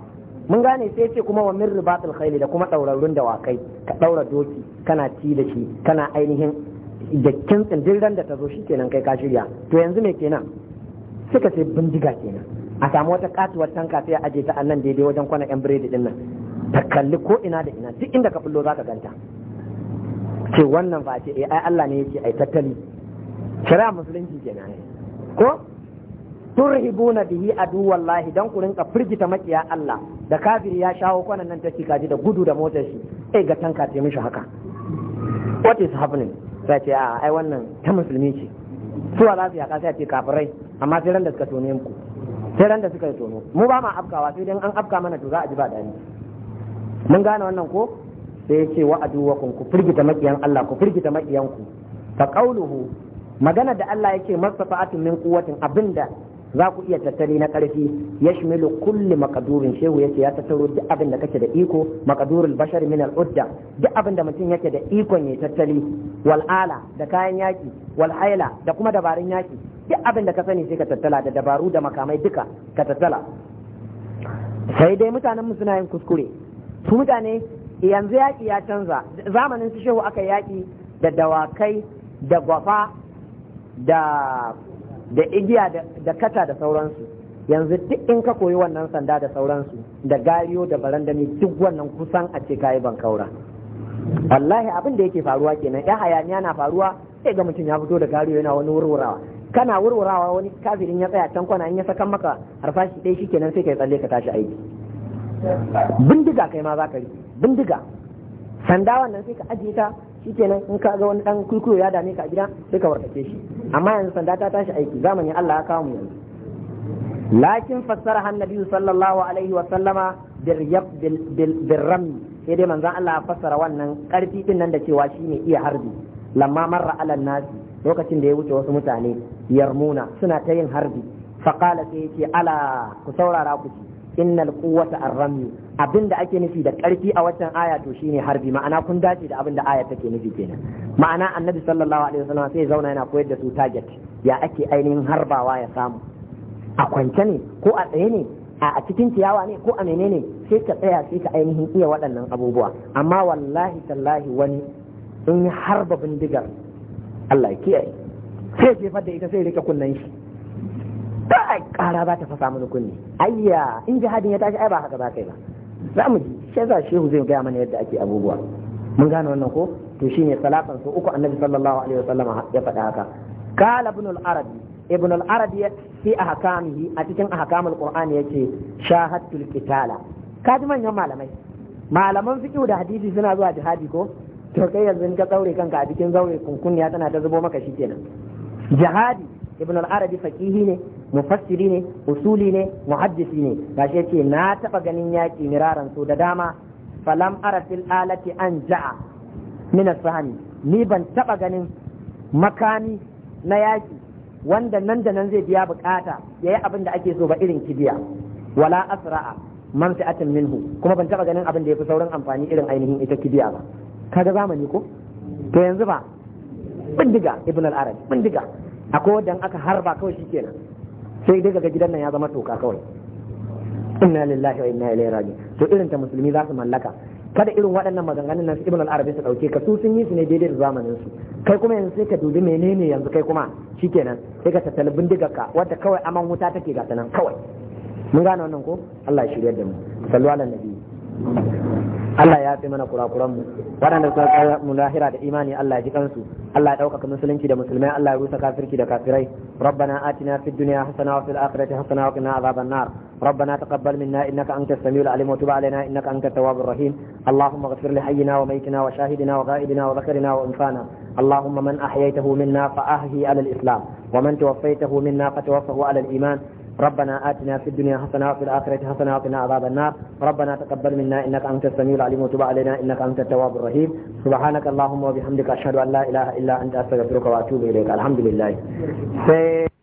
Speaker 1: mun gane sai ce kuma wa min ribatul khayli da kuma daurarrun dawakai ka daura doki kana ci da shi kana ainihin da kintsin dirran da ta zo shi kenan kai ka shirya to yanzu me kenan suka sai bindiga kenan a samu wata katuwar tanka sai a aje ta annan daidai wajen kwana yan biredi din nan ta kalli ko ina da ina duk inda ka fullo zaka ganta ce wannan ba ce eh, ai Allah ne yake ai tattali shari'a musulunci kenan eh. ko turhibuna bihi aduwallahi dan ku rinka firgita makiya Allah da kafiri ya shawo kwanan nan take kaji da gudu da motar shi eh ga tanka ce mishi haka what is happening sai ce a ai wannan ta musulmi ce su wa lafiya ka sai ce kafirai amma sai ran da suka tone mu sai ran da suka tono mu ba ma afkawa sai dan an afka mana to za a ji ba dani mun gane wannan ko sai ya ce wa aduwakum ku firgita makiyan Allah ku firgita makiyan ku fa qauluhu magana da Allah yake masfa'atun min quwwatin abinda za ku iya tattali na ƙarfi ya shimilu kulli makadurin shehu ya ce ya tattaro duk abin da kake da iko Makadurin bashar min al'udda duk abin da mutum yake da ikon ya tattali wal'ala da kayan yaki wal'aila da kuma dabarun yaki duk abin da ka sani sai ka tattala da dabaru da makamai duka ka tattala sai dai mutanen mu suna yin kuskure su mutane yanzu yaki ya canza zamanin su shehu aka yaki da dawakai da gwafa da da igiya da kata da sauransu yanzu duk in ka koyi wannan sanda da sauransu da gariyo da barandami duk wannan kusan a ce kayi ban kaura wallahi abin da yake faruwa kenan ya hayaniya na faruwa sai ga mutum ya fito da gariyo yana wani wurwurawa kana wurwurawa wani kafirin ya tsaya can kwana in ya sakan maka harfashi ɗaya kenan sai kai tsalle ka tashi aiki bindiga kai ma za ka yi bindiga sanda wannan sai ka ajiye ta shikenan in ka ga wani dan kuikuyo ya dame ka a gida sai ka warkace shi amma yanzu sanda ta tashi aiki zamanin Allah ya kawo mu yanzu lakin fassara nabi sallallahu alaihi wa sallama birram sai dai manzon Allah ya fassara wannan karfi din nan da cewa shine iya harbi lamma marra ala nasi lokacin da ya wuce wasu mutane yarmuna suna ta yin harbi faqala sai yace ala ku saurara ku ci innal quwwata ar-ramy abinda ake nufi da karfi a waccan aya to shine harbi ma'ana kun dace da abinda aya take nufi kenan ma'ana annabi sallallahu alaihi wasallam sai zauna yana koyar da su target ya ake ainihin harbawa ya samu a kwance ne ko a tsaye ne a cikin ciyawa ne ko a menene sai ka tsaya sai ka ainihin iya waɗannan abubuwa amma wallahi tallahi wani in harba bindigar Allah ya kiyaye sai jefar da ita sai rike kunnen shi ba ƙara ba ta fasa mana kunne ayya in jihadin ya tashi ai ba haka ba kai ba za mu ji shi za shehu zai gaya mana yadda ake abubuwa mun gane wannan ko to shine salatan su uku annabi sallallahu alaihi wasallam ya faɗa haka qala ibn al-arabi ibn al-arabi fi ahkamihi a cikin ahkamul qur'ani yace shahadtul qitala ji manyan malamai malaman fiqh da hadisi suna zuwa jihadi ko to kai yanzu ka tsaure kanka a cikin zaure kunkunniya tana ta zubo maka shikenan jihadi ibn al-arabi faqihi ne mufassiri ne usuli ne muhaddisi ne gashi yace na taba ganin yaki miraran so da dama falam ara fil alati an ja'a min as-sahmi ni ban taba ganin makami na yaki wanda nan da nan zai biya bukata yayi abin da ake so ba irin kibiya wala asra'a manfi'atin minhu kuma ban taba ganin abin da yafi sauran amfani irin ainihin ita kibiya ba kaga zamani ko to yanzu ba bindiga ibn al-arabi bindiga akwai wadda aka harba kawai shi kenan sai dai daga gidan nan ya zama toka kawai inna lillahi wa inna ilaihi raji to irin ta musulmi za su mallaka kada irin waɗannan maganganun nan ibn al-arabi su dauke ka su sun yi su ne daidai da zamanin su kai kuma yanzu sai ka dubi menene yanzu kai kuma shikenan sai ka tattala bindigar ka wadda kawai aman wuta take ga nan kawai mun gane wannan ko Allah ya shirya da mu sallu ala nabi Allah ya fi mana kurakuran mu waɗanda suka kara mu lahira da imani Allah ya ji kansu Allah ya ɗaukaka musulunci da musulmai Allah ya rusa kafirki da kafirai rabbana atina fid dunya hasana wa fil akhirati hasana wa qina adhaban nar ربنا تقبل منا انك انت السميع العليم وتب علينا انك انت التواب الرحيم اللهم اغفر لحينا وميتنا وشاهدنا وغائبنا وذكرنا وانفانا اللهم من احييته منا فاحي على الاسلام ومن توفيته منا فتوفه على الايمان ربنا آتنا في الدنيا حسنة وفي الآخرة حسنة وقنا عذاب النار ربنا تقبل منا إنك أنت السميع العليم وتب علينا إنك أنت التواب الرحيم سبحانك اللهم وبحمدك أشهد أن لا إله إلا أنت أستغفرك وأتوب إليك الحمد لله